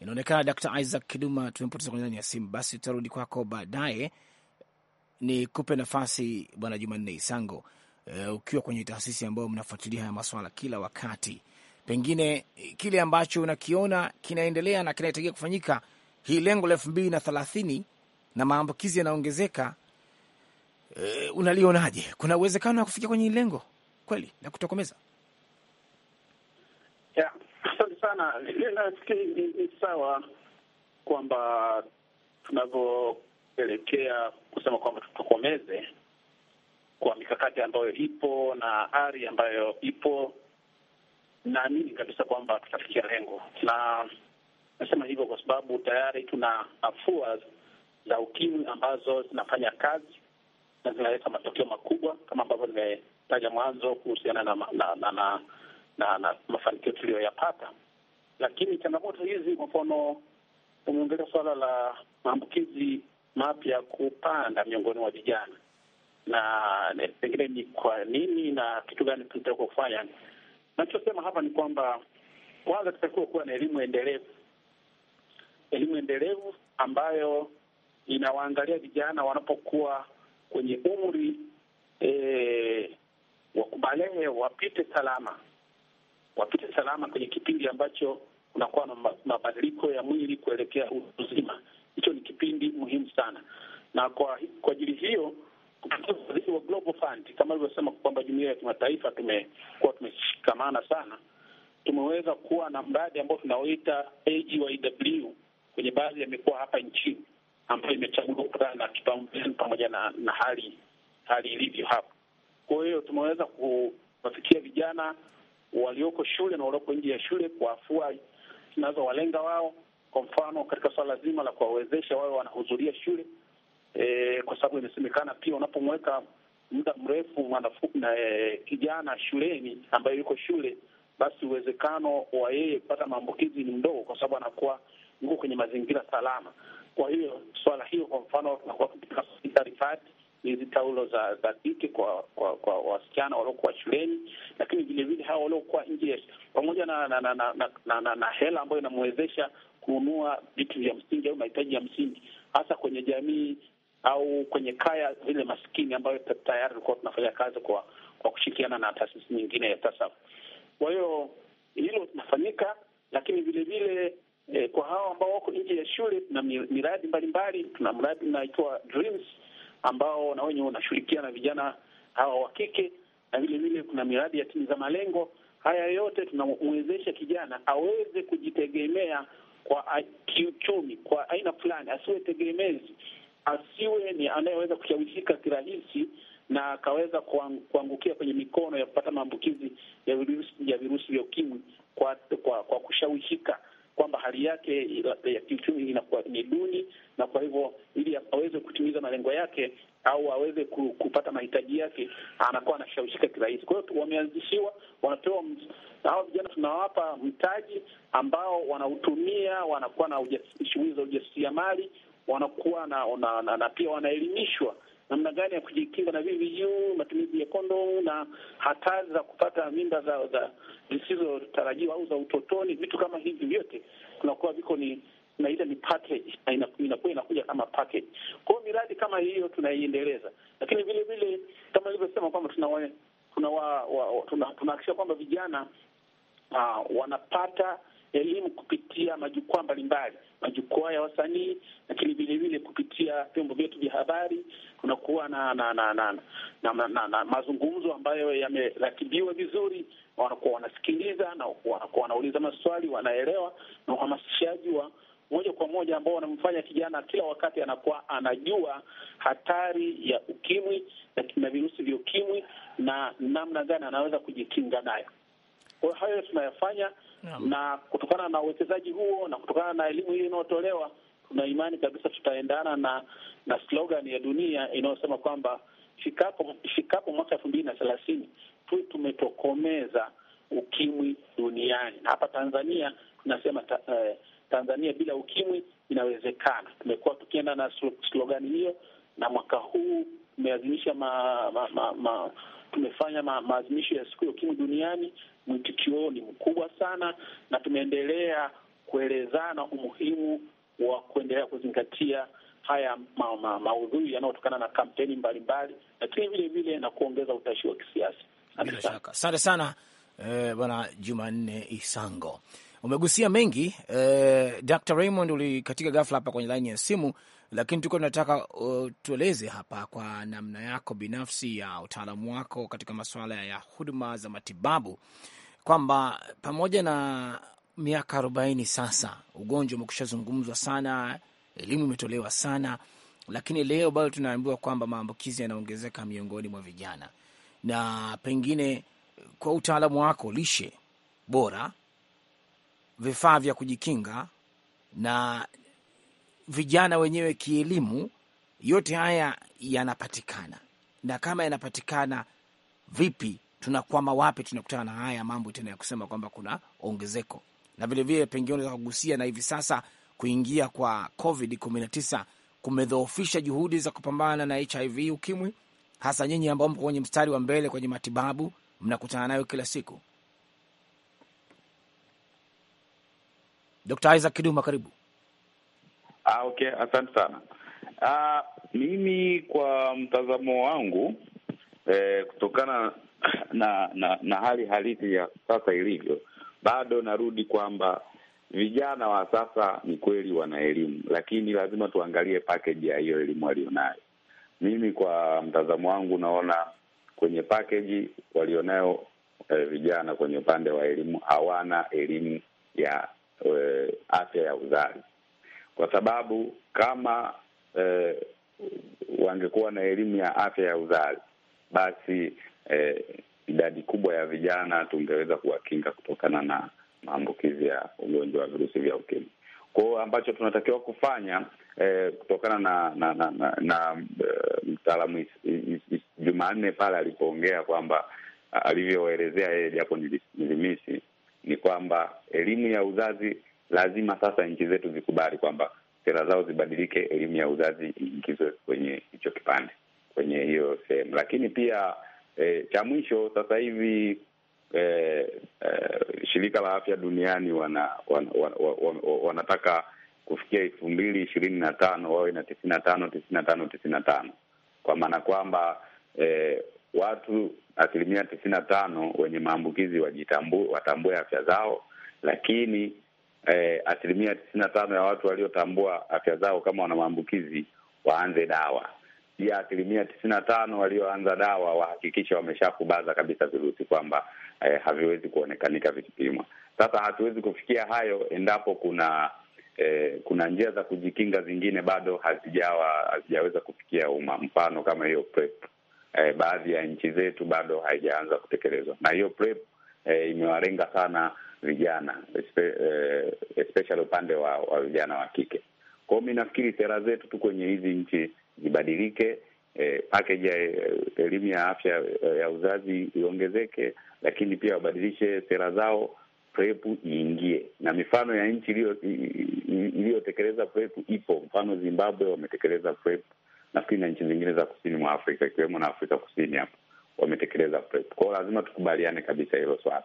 Inaonekana Dkt. Isaac Kiduma tumempoteza kwenye laini ya simu, basi tutarudi kwako baadaye. Ni kupe nafasi Bwana Jumanne Isango. Uh, ukiwa kwenye taasisi ambayo mnafuatilia haya maswala kila wakati, pengine kile ambacho unakiona kinaendelea na kinahitajika kufanyika, hii lengo la elfu mbili na thelathini na maambukizi yanaongezeka, uh, unalionaje? Kuna uwezekano wa kufikia kwenye hii lengo? kweli na kutokomeza? Yeah, sana. Nafikiri ni sawa kwamba tunavyoelekea kusema kwamba tutokomeze kwa mikakati ambayo ipo na ari ambayo ipo, naamini kabisa kwamba tutafikia lengo, na nasema hivyo kwa sababu tayari tuna afua za ukimwi ambazo zinafanya kazi na zinaleta matokeo makubwa kama ambavyo taja mwanzo kuhusiana na, na, na, na, na, na mafanikio tuliyoyapata, lakini changamoto hizi, kwa mfano, umeongelea suala la maambukizi mapya kupanda miongoni mwa vijana, na pengine ni kwa nini na kitu gani tunatakiwa kufanya. Nachosema hapa ni kwamba kwanza tutakiwa kuwa na elimu endelevu, elimu endelevu ambayo inawaangalia vijana wanapokuwa kwenye umri e, wakubalehe wapite salama, wapite salama kwenye kipindi ambacho kunakuwa na mabadiliko ya mwili kuelekea uzima. Hicho ni kipindi muhimu sana, na kwa kwa ajili hiyo kupitia wa Global Fund kama alivyosema kwamba jumuiya ya kimataifa tumekuwa tumeshikamana sana, tumeweza kuwa na mradi ambao tunaoita AGYW e kwenye baadhi ya mikoa hapa nchini ambayo imechaguliwa kutokana na kipaumbele pamoja na, na hali hali ilivyo hapa kwa hiyo tumeweza kuwafikia vijana walioko shule na walioko nje ya shule kwa afua zinazowalenga wao, kwa mfano katika swala zima la kuwawezesha wao wanahudhuria shule e, kwa sababu imesemekana pia unapomweka muda mrefu mwanafunzi na e, kijana shuleni ambaye yuko shule, basi uwezekano wa yeye kupata maambukizi ni mdogo, kwa sababu anakuwa nguo kwenye mazingira salama. Kwa hiyo swala hiyo, kwa mfano tunakuwa katika hizi taulo za za kike kwa kwa, kwa wasichana waliokuwa shuleni, lakini vilevile hawa waliokuwa nje, pamoja na na, na, na, na, na, na hela ambayo inamwezesha kununua vitu vya msingi au mahitaji ya msingi, hasa kwenye jamii au kwenye kaya zile maskini, ambayo tayari tulikuwa tunafanya kazi kwa kwa kushirikiana na taasisi nyingine ya TASAF. Kwa hiyo hilo linafanyika, lakini vilevile eh, kwa hawa ambao wako nje ya shule tuna miradi mbalimbali. Tuna mradi unaitwa Dreams ambao na wenye unashughulikia na vijana hawa wa kike, na vile vile kuna miradi ya timu za malengo. Haya yote tunamwezesha kijana aweze kujitegemea kwa kiuchumi kwa aina fulani, asiwe tegemezi, asiwe ni anayeweza kushawishika kirahisi na akaweza kuangukia kwenye mikono ya kupata maambukizi ya virusi vya ukimwi kwa, kwa, kwa kushawishika kwamba hali yake ya kiuchumi inakuwa ni duni, na kwa hivyo ili aweze kutimiza malengo yake au aweze kupata mahitaji yake anakuwa anashawishika kirahisi. Kwa hiyo wameanzishiwa, wanapewa hawa vijana, tunawapa mtaji ambao wanautumia, wanakuwa na shughuli za ujasiriamali, wanakuwa na, na, na, na pia wanaelimishwa namna gani ya kujikinga na VVU, matumizi ya kondomu na hatari za kupata mimba za za zisizotarajiwa au za utotoni, vitu kama hivi vyote kunakuwa viko ni na ile ni package na inakuwa inakuja kama package. Kwa hiyo miradi kama hiyo tunaiendeleza, lakini vile vile kama nilivyosema kwamba tunahakikisha tuna, tuna, tunahakikisha tuna kwamba vijana uh, wanapata elimu kupitia majukwaa mbalimbali, majukwaa ya wasanii, lakini vilevile kupitia vyombo vyetu vya habari kunakuwa na na na, na, na, na, na, na mazungumzo ambayo yameratibiwa vizuri, wanakuwa wanasikiliza na wanakuwa wanauliza maswali, wanaelewa, na uhamasishaji wa moja kwa moja ambao wanamfanya kijana kila wakati anakuwa anajua hatari ya ukimwi na virusi vya ukimwi na namna gani anaweza kujikinga nayo. Kwa hiyo hayo tunayafanya na kutokana na uwekezaji huo na kutokana na elimu hiyo inayotolewa, tuna imani kabisa tutaendana na na slogan ya dunia inayosema kwamba ifikapo ifikapo mwaka elfu mbili na thelathini tu tumetokomeza ukimwi duniani, na hapa Tanzania tunasema ta, eh, Tanzania bila ukimwi inawezekana. Tumekuwa tukienda na slogani hiyo, na mwaka huu tumeazimisha ma, ma, ma, ma, tumefanya maadhimisho ya siku ya ukimwi duniani mwitikio ni mkubwa sana, na tumeendelea kuelezana umuhimu wa kuendelea kuzingatia haya ma, ma, maudhui yanayotokana na kampeni mbalimbali, lakini vile vile na kuongeza utashi wa kisiasa. Bila shaka, asante sana eh, Jumanne Isango, umegusia mengi eh, Dr. Raymond, ulikatika ghafla hapa kwenye laini ya simu, lakini tuko tunataka uh, tueleze hapa kwa namna yako binafsi ya utaalamu wako katika masuala ya huduma za matibabu kwamba pamoja na miaka arobaini sasa ugonjwa umekusha zungumzwa sana, elimu imetolewa sana, lakini leo bado tunaambiwa kwamba maambukizi yanaongezeka miongoni mwa vijana. Na pengine kwa utaalamu wako, lishe bora, vifaa vya kujikinga na vijana wenyewe kielimu, yote haya yanapatikana, na kama yanapatikana, vipi tunakwama wapi, tunakutana na haya mambo tena ya kusema kwamba kuna ongezeko, na vilevile pengine unaweza kugusia na hivi sasa kuingia kwa COVID 19 kumedhoofisha juhudi za kupambana na HIV ukimwi, hasa nyinyi ambao mko kwenye mstari wa mbele kwenye matibabu, mnakutana nayo kila siku. Dr. Isaac Kiduma, karibu. Ah, okay, asante sana. Ah, mimi kwa mtazamo wangu eh, kutokana na na na hali halisi ya sasa ilivyo, bado narudi kwamba vijana wa sasa ni kweli wana elimu, lakini lazima tuangalie package ya hiyo elimu walionayo. Mimi kwa mtazamo wangu naona kwenye package walionayo eh, vijana kwenye upande wa elimu hawana elimu ya eh, afya ya uzazi, kwa sababu kama eh, wangekuwa na elimu ya afya ya uzazi basi eh, idadi kubwa ya vijana tungeweza kuwakinga kutokana na maambukizi ya ugonjwa wa virusi vya ukimwi. Kwa ambacho tunatakiwa kufanya eh, kutokana na na, na, na, na eh, mtaalamu Jumanne pale alipoongea kwamba alivyoelezea yeye, japo nilimisi, ni kwamba elimu ya uzazi lazima sasa nchi zetu zikubali kwamba sera zao zibadilike, elimu ya uzazi iingizwe kwenye hicho kipande, kwenye hiyo sehemu, lakini pia E, cha mwisho sasa hivi e, e, shirika la afya duniani wana, wana, wana, wana, wanataka kufikia elfu mbili ishirini na tano wawe na tisini na tano tisini na tano tisini na tano kwa maana kwamba e, watu asilimia tisini na tano wenye maambukizi watambue afya zao, lakini e, asilimia tisini na tano ya watu waliotambua afya zao kama wana maambukizi waanze dawa ya asilimia tisini na tano walioanza dawa wahakikisha wameshakubaza kabisa virusi kwamba eh, haviwezi kuonekanika vikipimwa. Sasa hatuwezi kufikia hayo endapo kuna eh, kuna njia za kujikinga zingine bado hazijawa hazijaweza kufikia umma, mfano kama hiyo PrEP. Eh, baadhi ya nchi zetu bado haijaanza kutekelezwa, na hiyo PrEP eh, imewalenga sana vijana espe, eh, especially upande wa, wa vijana wa kike. Kwa hiyo mi nafikiri sera zetu tu kwenye hizi nchi ibadilike, eh, package ya e, elimu ya afya e, ya uzazi iongezeke, lakini pia wabadilishe sera zao, PrEP iingie. Na mifano ya nchi iliyotekeleza PrEP ipo, mfano Zimbabwe wametekeleza PrEP, nafikiri na nchi zingine za kusini mwa Afrika ikiwemo na Afrika Kusini hapo wametekeleza PrEP. Kwao lazima tukubaliane kabisa hilo swala.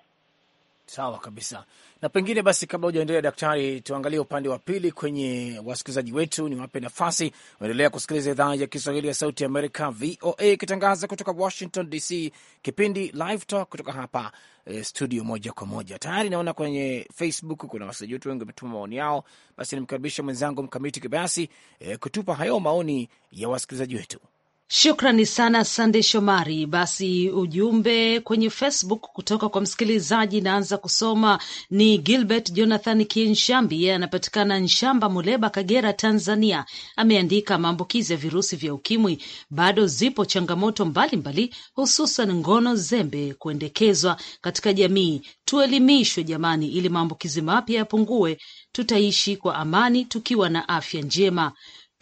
Sawa kabisa. Na pengine basi, kabla hujaendelea daktari, tuangalie upande wa pili kwenye wasikilizaji wetu. Ni wape nafasi waendelea kusikiliza idhaa ya Kiswahili ya Sauti ya Amerika, VOA, ikitangaza kutoka Washington DC, kipindi Live Talk kutoka hapa eh, studio moja kwa moja. Tayari naona kwenye Facebook kuna wasikilizaji wetu wengi wametuma maoni yao. Basi nimkaribisha mwenzangu Mkamiti Kibayasi eh, kutupa hayo maoni ya wasikilizaji wetu. Shukrani sana Sande Shomari. Basi ujumbe kwenye Facebook kutoka kwa msikilizaji naanza kusoma. Ni Gilbert Jonathan Kienshambi, yeye anapatikana Nshamba, Muleba, Kagera, Tanzania. Ameandika, maambukizi ya virusi vya ukimwi bado zipo changamoto mbalimbali, hususan ngono zembe kuendekezwa katika jamii. Tuelimishwe jamani, ili maambukizi mapya yapungue, tutaishi kwa amani tukiwa na afya njema.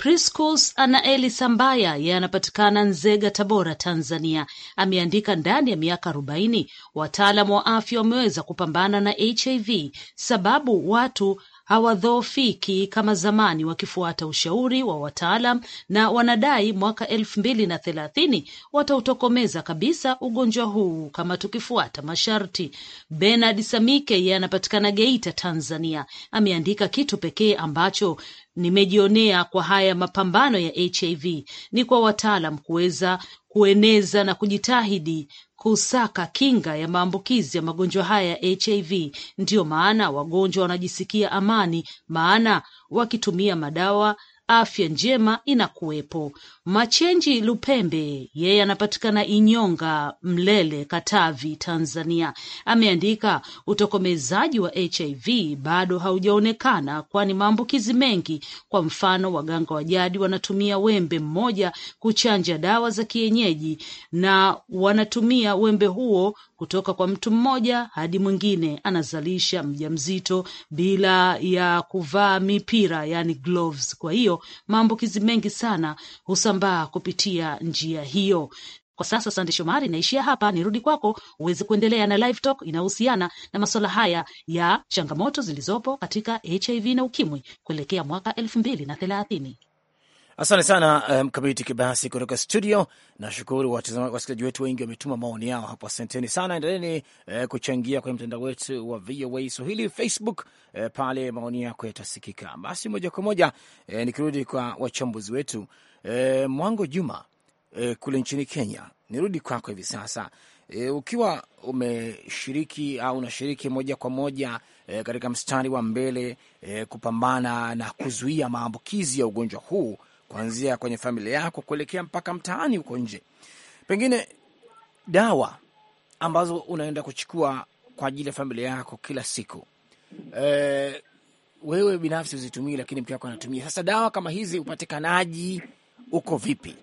Priscus Anaeli Sambaya yanapatikana Nzega Tabora Tanzania ameandika ndani ya miaka arobaini wataalamu wa afya wameweza kupambana na HIV sababu watu hawadhoofiki kama zamani wakifuata ushauri wa wataalam na wanadai mwaka elfu mbili na thelathini watautokomeza kabisa ugonjwa huu kama tukifuata masharti. Bernard Samike yeye anapatikana Geita, Tanzania, ameandika kitu pekee ambacho nimejionea kwa haya mapambano ya HIV ni kwa wataalam kuweza kueneza na kujitahidi kusaka kinga ya maambukizi ya magonjwa haya ya HIV. Ndiyo maana wagonjwa wanajisikia amani, maana wakitumia madawa afya njema inakuwepo. Machenji Lupembe yeye anapatikana Inyonga, Mlele, Katavi, Tanzania, ameandika utokomezaji wa HIV bado haujaonekana, kwani maambukizi mengi, kwa mfano waganga wa jadi wanatumia wembe mmoja kuchanja dawa za kienyeji, na wanatumia wembe huo kutoka kwa mtu mmoja hadi mwingine, anazalisha mjamzito bila ya kuvaa mipira, yani gloves. Kwa hiyo maambukizi mengi sana husa kusambaa kupitia njia hiyo. Kwa sasa Sande Shomari, naishia hapa, nirudi kwako uweze kuendelea na live talk inayohusiana na masuala haya ya changamoto zilizopo katika HIV na ukimwi kuelekea mwaka elfu mbili na thelathini. Asante sana eh, Mkamiti um, Kibasi kutoka studio. Nashukuru wasikilizaji wetu wengi wametuma maoni yao hapo, asanteni sana. Endeleni eh, kuchangia kwenye mtandao wetu wa VOA Swahili Facebook, eh, pale maoni yako yatasikika. Basi moja kwa moja eh, nikirudi kwa wachambuzi wetu E, Mwango Juma e, kule nchini Kenya, nirudi kwako hivi sasa e, ukiwa umeshiriki au unashiriki moja kwa moja e, katika mstari wa mbele e, kupambana na kuzuia maambukizi ya ugonjwa huu kuanzia kwenye familia yako kuelekea mpaka mtaani huko nje, pengine dawa ambazo unaenda kuchukua kwa ajili ya familia yako kila siku e, wewe binafsi uzitumii, lakini mke wako anatumia. Sasa dawa kama hizi upatikanaji uko vipi?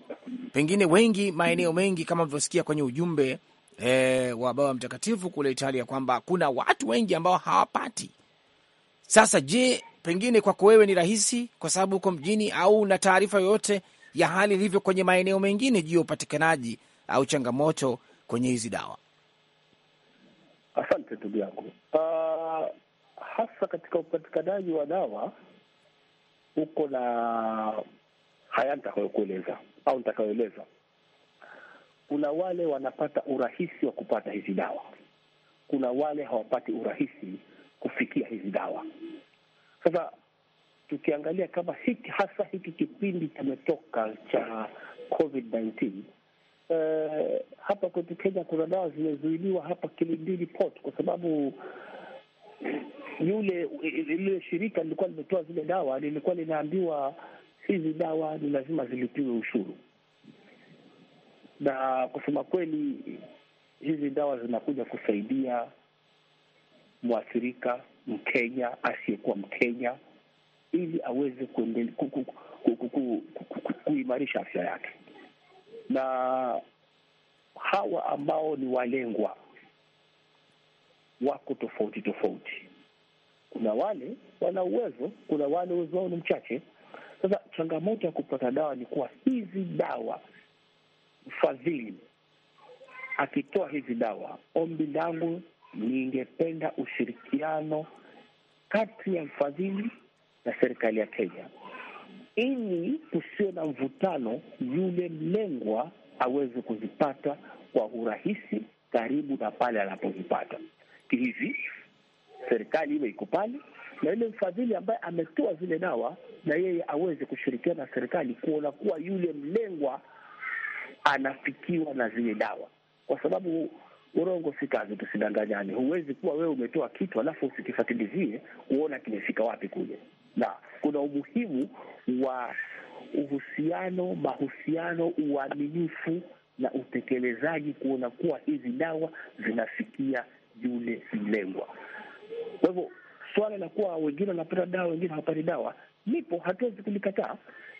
Pengine wengi maeneo mengi kama mlivyosikia kwenye ujumbe e, wa Baba Mtakatifu kule Italia kwamba kuna watu wengi ambao hawapati. Sasa je, pengine kwako wewe ni rahisi kwa sababu uko mjini, au una taarifa yoyote ya hali ilivyo kwenye maeneo mengine juu ya upatikanaji au changamoto kwenye hizi dawa? Asante ndugu yangu. Uh, hasa katika upatikanaji wa dawa huko na haya nitakayokueleza au nitakayoeleza, kuna wale wanapata urahisi wa kupata hizi dawa, kuna wale hawapati urahisi kufikia hizi dawa. Sasa tukiangalia kama hiki hasa hiki kipindi kimetoka cha COVID-19, eh, hapa kwetu Kenya kuna dawa zimezuiliwa hapa Kilindini Port kwa sababu yule lile shirika lilikuwa limetoa zile dawa lilikuwa linaambiwa hizi dawa ni lazima zilipiwe ushuru, na kusema kweli, hizi dawa zinakuja kusaidia mwathirika Mkenya asiyekuwa Mkenya ili aweze kuimarisha afya yake, na hawa ambao ni walengwa wako tofauti tofauti. Kuna wale wana uwezo, kuna wale uwezo wao ni mchache, sasa changamoto ya kupata dawa ni kuwa hizi dawa, mfadhili akitoa hizi dawa, ombi langu ningependa ushirikiano kati ya mfadhili na serikali ya Kenya ili tusio na mvutano, yule mlengwa aweze kuzipata kwa urahisi karibu na pale anapozipata. Hivi serikali iwe iko pale, na yule mfadhili ambaye ametoa zile dawa na yeye aweze kushirikiana na serikali kuona kuwa yule mlengwa anafikiwa na zile dawa, kwa sababu urongo si kazi, tusidanganyane. Huwezi kuwa wewe umetoa kitu alafu usikifatilizie kuona kimefika wapi kule, na kuna umuhimu wa uhusiano, mahusiano, uaminifu na utekelezaji, kuona kuwa hizi dawa zinafikia yule mlengwa. Kwa hivyo Swala la kuwa wengine wanapata dawa, wengine hawapati dawa lipo, hatuwezi kulikataa.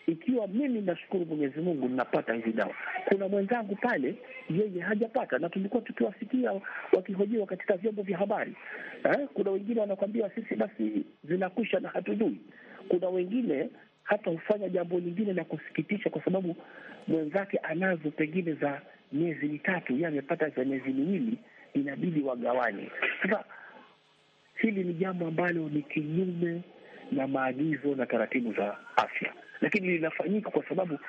Ikiwa mimi nashukuru Mwenyezi Mungu ninapata hizi dawa, kuna mwenzangu pale yeye hajapata, na tulikuwa tukiwasikia wakihojiwa katika vyombo vya habari eh. Kuna wengine wanakwambia sisi basi zinakwisha na hatujui. Kuna wengine hata hufanya jambo lingine la kusikitisha, kwa sababu mwenzake anazo pengine za miezi mitatu, yeye amepata za miezi miwili, inabidi wagawane sasa hili ni jambo ambalo ni kinyume na maagizo na taratibu za afya, lakini linafanyika kwa sababu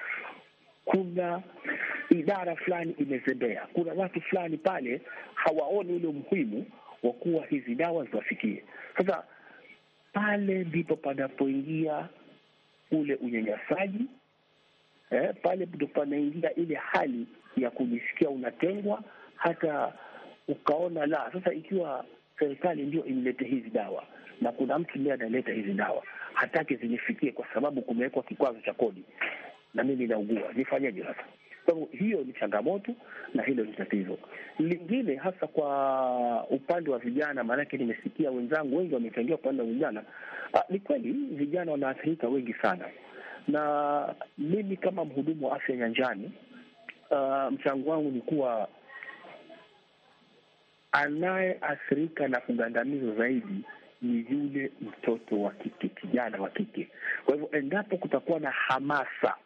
kuna idara fulani imezembea, kuna watu fulani pale hawaoni ule umuhimu wa kuwa hizi dawa ziwafikie. Sasa pale ndipo panapoingia ule unyanyasaji eh, pale ndo panaingia ile hali ya kujisikia unatengwa, hata ukaona la sasa, ikiwa serikali ndio imlete hizi dawa, na kuna mtu ndiye analeta hizi dawa, hataki zinifikie kwa sababu kumewekwa kikwazo cha kodi, na mimi naugua, nifanyeje sasa? Kwa hiyo ni changamoto na hilo ni tatizo lingine, hasa kwa upande wa vijana. Maanake nimesikia wenzangu wengi wamechangia upande wa vijana. Ah, ni kweli vijana wanaathirika wengi sana, na mimi kama mhudumu wa afya nyanjani, ah, mchango wangu ni kuwa anayeathirika na kugandamizwa zaidi ni yule mtoto wa kike, kijana wa kike. Kwa hivyo endapo kutakuwa na hamasa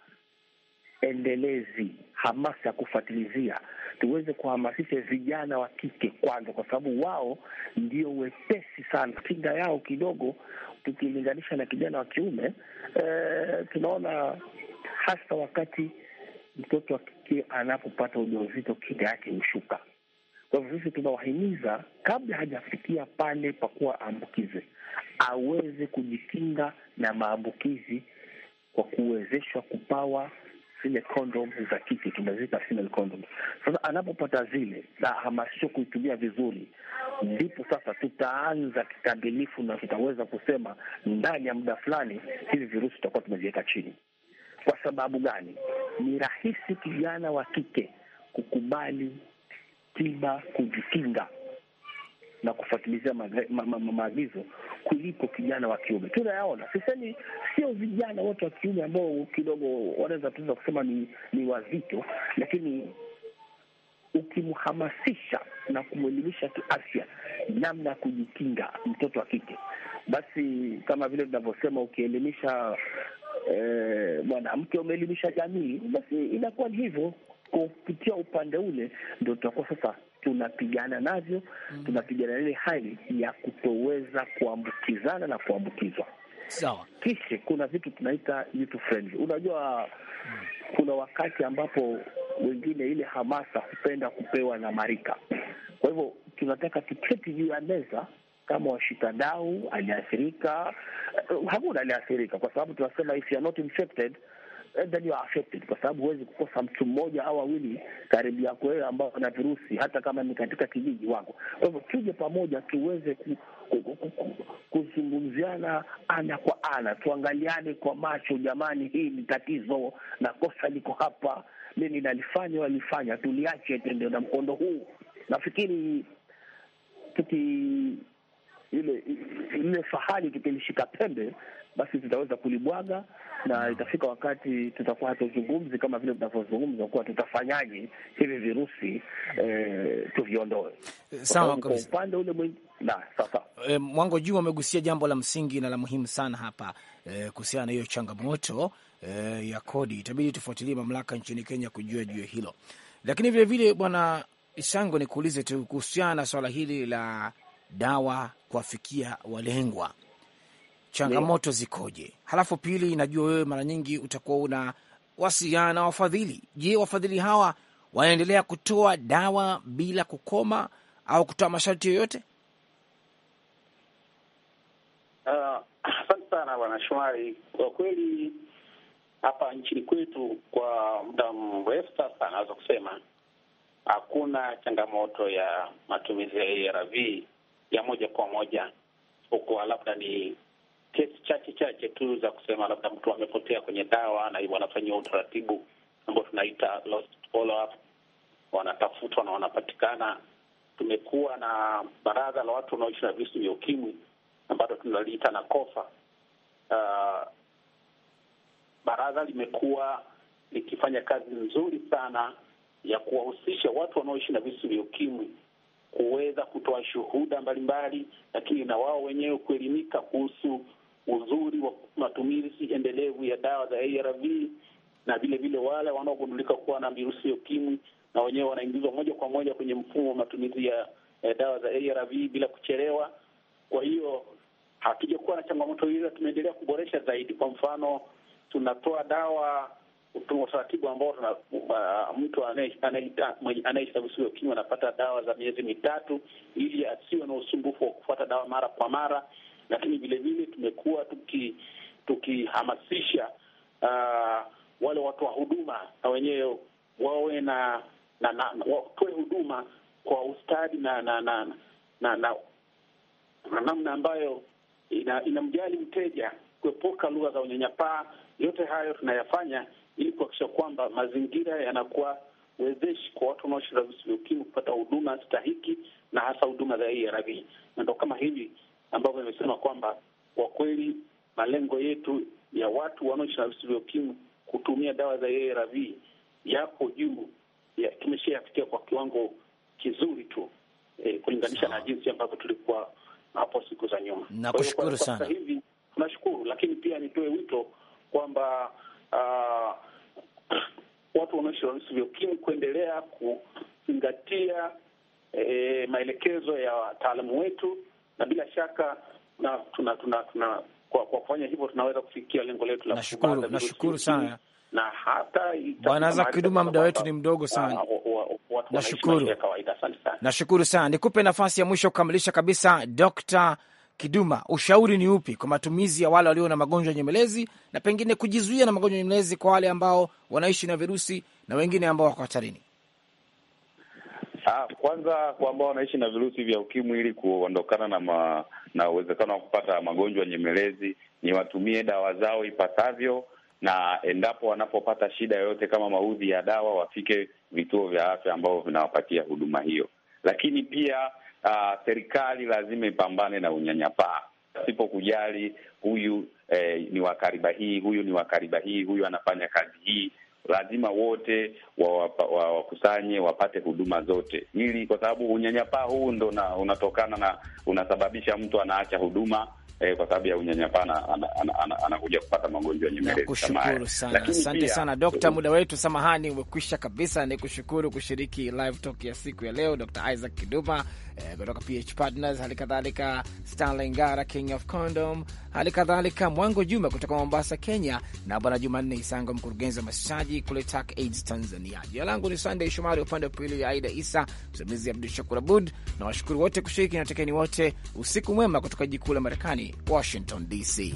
endelezi, hamasa ya kufuatilizia, tuweze kuhamasisha vijana wa kike kwanza, kwa sababu wao ndio wepesi sana, kinga yao kidogo tukilinganisha na kijana wa kiume. E, tunaona hasa wakati mtoto wa kike anapopata ujauzito kinga yake hushuka. Kwa hivyo sisi tunawahimiza kabla hajafikia pale pakuwa aambukize, aweze kujikinga na maambukizi kwa kuwezeshwa kupawa zile kondom za kike tunaziita female condom. Sasa anapopata zile na hamasisho kuitumia vizuri, ndipo sasa tutaanza kikamilifu na tutaweza kusema ndani ya muda fulani hivi virusi tutakuwa tumeviweka chini. Kwa sababu gani? Ni rahisi kijana wa kike kukubali tiba, kujikinga na kufuatilizia maagizo kulipo kijana wa kiume. Tunayaona, sisemi sio vijana wote wa kiume ambao kidogo wanaweza tuweza kusema ni, ni wazito, lakini ukimhamasisha na kumwelimisha kiafya namna ya kujikinga mtoto wa kike, basi kama vile tunavyosema ukielimisha eh, mwanamke, umeelimisha jamii, basi inakuwa ni hivyo kupitia upande ule ndo tutakuwa sasa tunapigana navyo mm. Tunapigana ile hali ya kutoweza kuambukizana na kuambukizwa. Sawa. Kisha kuna vitu tunaita youth friendly. Unajua mm. kuna wakati ambapo wengine ile hamasa hupenda kupewa na marika, kwa hivyo tunataka tuketi juu ya meza kama washitadau aliathirika eh, hakuna aliathirika, kwa sababu tunasema if you are not infected either eh, you are affected, kwa sababu huwezi kukosa mtu mmoja au wawili karibu yako wewe ambao wana virusi, hata kama ni katika kijiji wako. Kwa hivyo tuje pamoja, tuweze kuzungumziana ana kwa ana, tuangaliane kwa macho, jamani, hii ni tatizo na kosa liko hapa, nini nalifanya, walifanya, tuliache tendo na mkondo huu. Nafikiri tuki ile ile fahali tukilishika pembe basi zitaweza kulibwaga na itafika wakati tutakuwa hatuzungumzi kama vile tunavyozungumza kuwa tutafanyaje hivi virusi e, tuviondoe. Eh, sawa kabisa. Upande ule mwingi na sasa e, eh, Mwango Juu amegusia jambo la msingi na la muhimu sana hapa e, kuhusiana na hiyo changamoto e, ya kodi. Itabidi tufuatilie mamlaka nchini Kenya kujua juu ya hilo, lakini vilevile bwana Isango, nikuulize tu kuhusiana na swala hili la dawa kuwafikia walengwa changamoto zikoje? Halafu pili, najua wewe mara nyingi utakuwa una wasiliana na wafadhili. Je, wafadhili hawa wanaendelea kutoa dawa bila kukoma au kutoa masharti yoyote? Ah, asante uh, sana bwana shumari Kwa kweli hapa nchini kwetu kwa muda mrefu sasa, anaweza kusema hakuna changamoto ya matumizi ya ARV ya moja kwa moja, huku labda ni kesi chache chache tu za kusema labda mtu amepotea kwenye dawa na wanafanyiwa utaratibu ambao tunaita lost follow up, wanatafutwa na wanapatikana. Tumekuwa na baraza la watu wanaoishi na virusi vya ukimwi ambalo tunaliita na kofa. Uh, baraza limekuwa likifanya kazi nzuri sana ya kuwahusisha watu wanaoishi na virusi vya ukimwi kuweza kutoa shuhuda mbalimbali, lakini na wao wenyewe kuelimika kuhusu uzuri wa matumizi endelevu ya dawa za ARV na vile vile wale wanaogundulika kuwa na virusi ya ukimwi na wenyewe wanaingizwa moja kwa moja kwenye mfumo wa matumizi ya eh, dawa za ARV bila kuchelewa. Kwa hiyo hatujakuwa na changamoto hiyo, tumeendelea kuboresha zaidi. Kwa mfano, tunatoa dawa tuna utaratibu ambao uh, mtu anayeishi na virusi vya ukimwi anapata dawa za miezi mitatu ili asiwe na usumbufu wa kufuata dawa mara kwa mara, lakini vilevile tumekuwa tukihamasisha tuki uh, wale watu wa huduma na wenyewe wawe na, na, na watoe huduma kwa ustadi na na na na namna na, na, na ambayo inamjali ina mteja, kuepuka lugha za unyanyapaa. Yote hayo tunayafanya ili kuhakikisha kwamba mazingira yanakuwa wezeshi kwa watu wanaoishi na virusi vya ukimwi kupata huduma stahiki na hasa huduma za ARV, na ndo kama hivi ambavyo imesema kwamba kwa kweli malengo yetu ya watu wanaoishi na virusi vya ukimwi kutumia dawa za ARV yapo juu ya, tumeshayafikia kwa kiwango kizuri tu eh, kulinganisha na jinsi ambavyo tulikuwa hapo siku za nyuma. Nakushukuru sana. Sasa hivi tunashukuru, lakini pia nitoe wito kwamba uh, watu wanaoishi na virusi vya ukimwi kuendelea kuzingatia e, maelekezo ya wataalamu wetu na bila shaka na, tuna, tuna, tuna, kwa, kwa kufanya hivyo tunaweza kufikia lengo letu la nashukuru nashukuru sana na hata Bwana Isaac Kiduma, muda wetu ni mdogo sana. Nashukuru, nashukuru sana. Nikupe nafasi ya mwisho kukamilisha kabisa, Dr. Kiduma, ushauri ni upi kwa matumizi ya wale walio na magonjwa nyemelezi na pengine kujizuia na magonjwa nyemelezi kwa wale ambao wanaishi na virusi na wengine ambao wako hatarini? Ah, kwanza kwa ambao wanaishi na virusi vya ukimwi, ili kuondokana na ma, na uwezekano wa kupata magonjwa nyemelezi, ni watumie dawa zao ipasavyo, na endapo wanapopata shida yoyote kama maudhi ya dawa, wafike vituo vya afya ambavyo vinawapatia huduma hiyo. Lakini pia uh, serikali lazima ipambane na unyanyapaa sipo kujali huyu eh, ni wakariba hii, huyu ni wakariba hii, huyu anafanya kazi hii lazima wote wakusanye wa, wa wapate huduma zote, ili kwa sababu unyanyapaa huu ndo na, unatokana na unasababisha mtu anaacha huduma eh, kwa sababu ya unyanyapaa anakuja ana, ana, ana kupata magonjwa nyemelezi. Nakushukuru sana, asante sana Dokta, eh, muda wetu samahani umekwisha kabisa. Ni kushukuru kushiriki live talk ya siku ya leo, Dr. Isaac Kiduma eh, kutoka eh, PH Partners, hali kadhalika Stanley Ngara, King of Condom hali kadhalika Mwango Juma kutoka Mombasa, Kenya, na Bwana Jumanne Isango, mkurugenzi wa masaji kule TAC AIDS Tanzania. Jina langu ni Sandey Shomari, upande wa pili ya Aida Isa, msimamizi Abdu Shakur Abud, na washukuru wote kushiriki na tekeni wote. Usiku mwema kutoka jikuu la Marekani, Washington DC.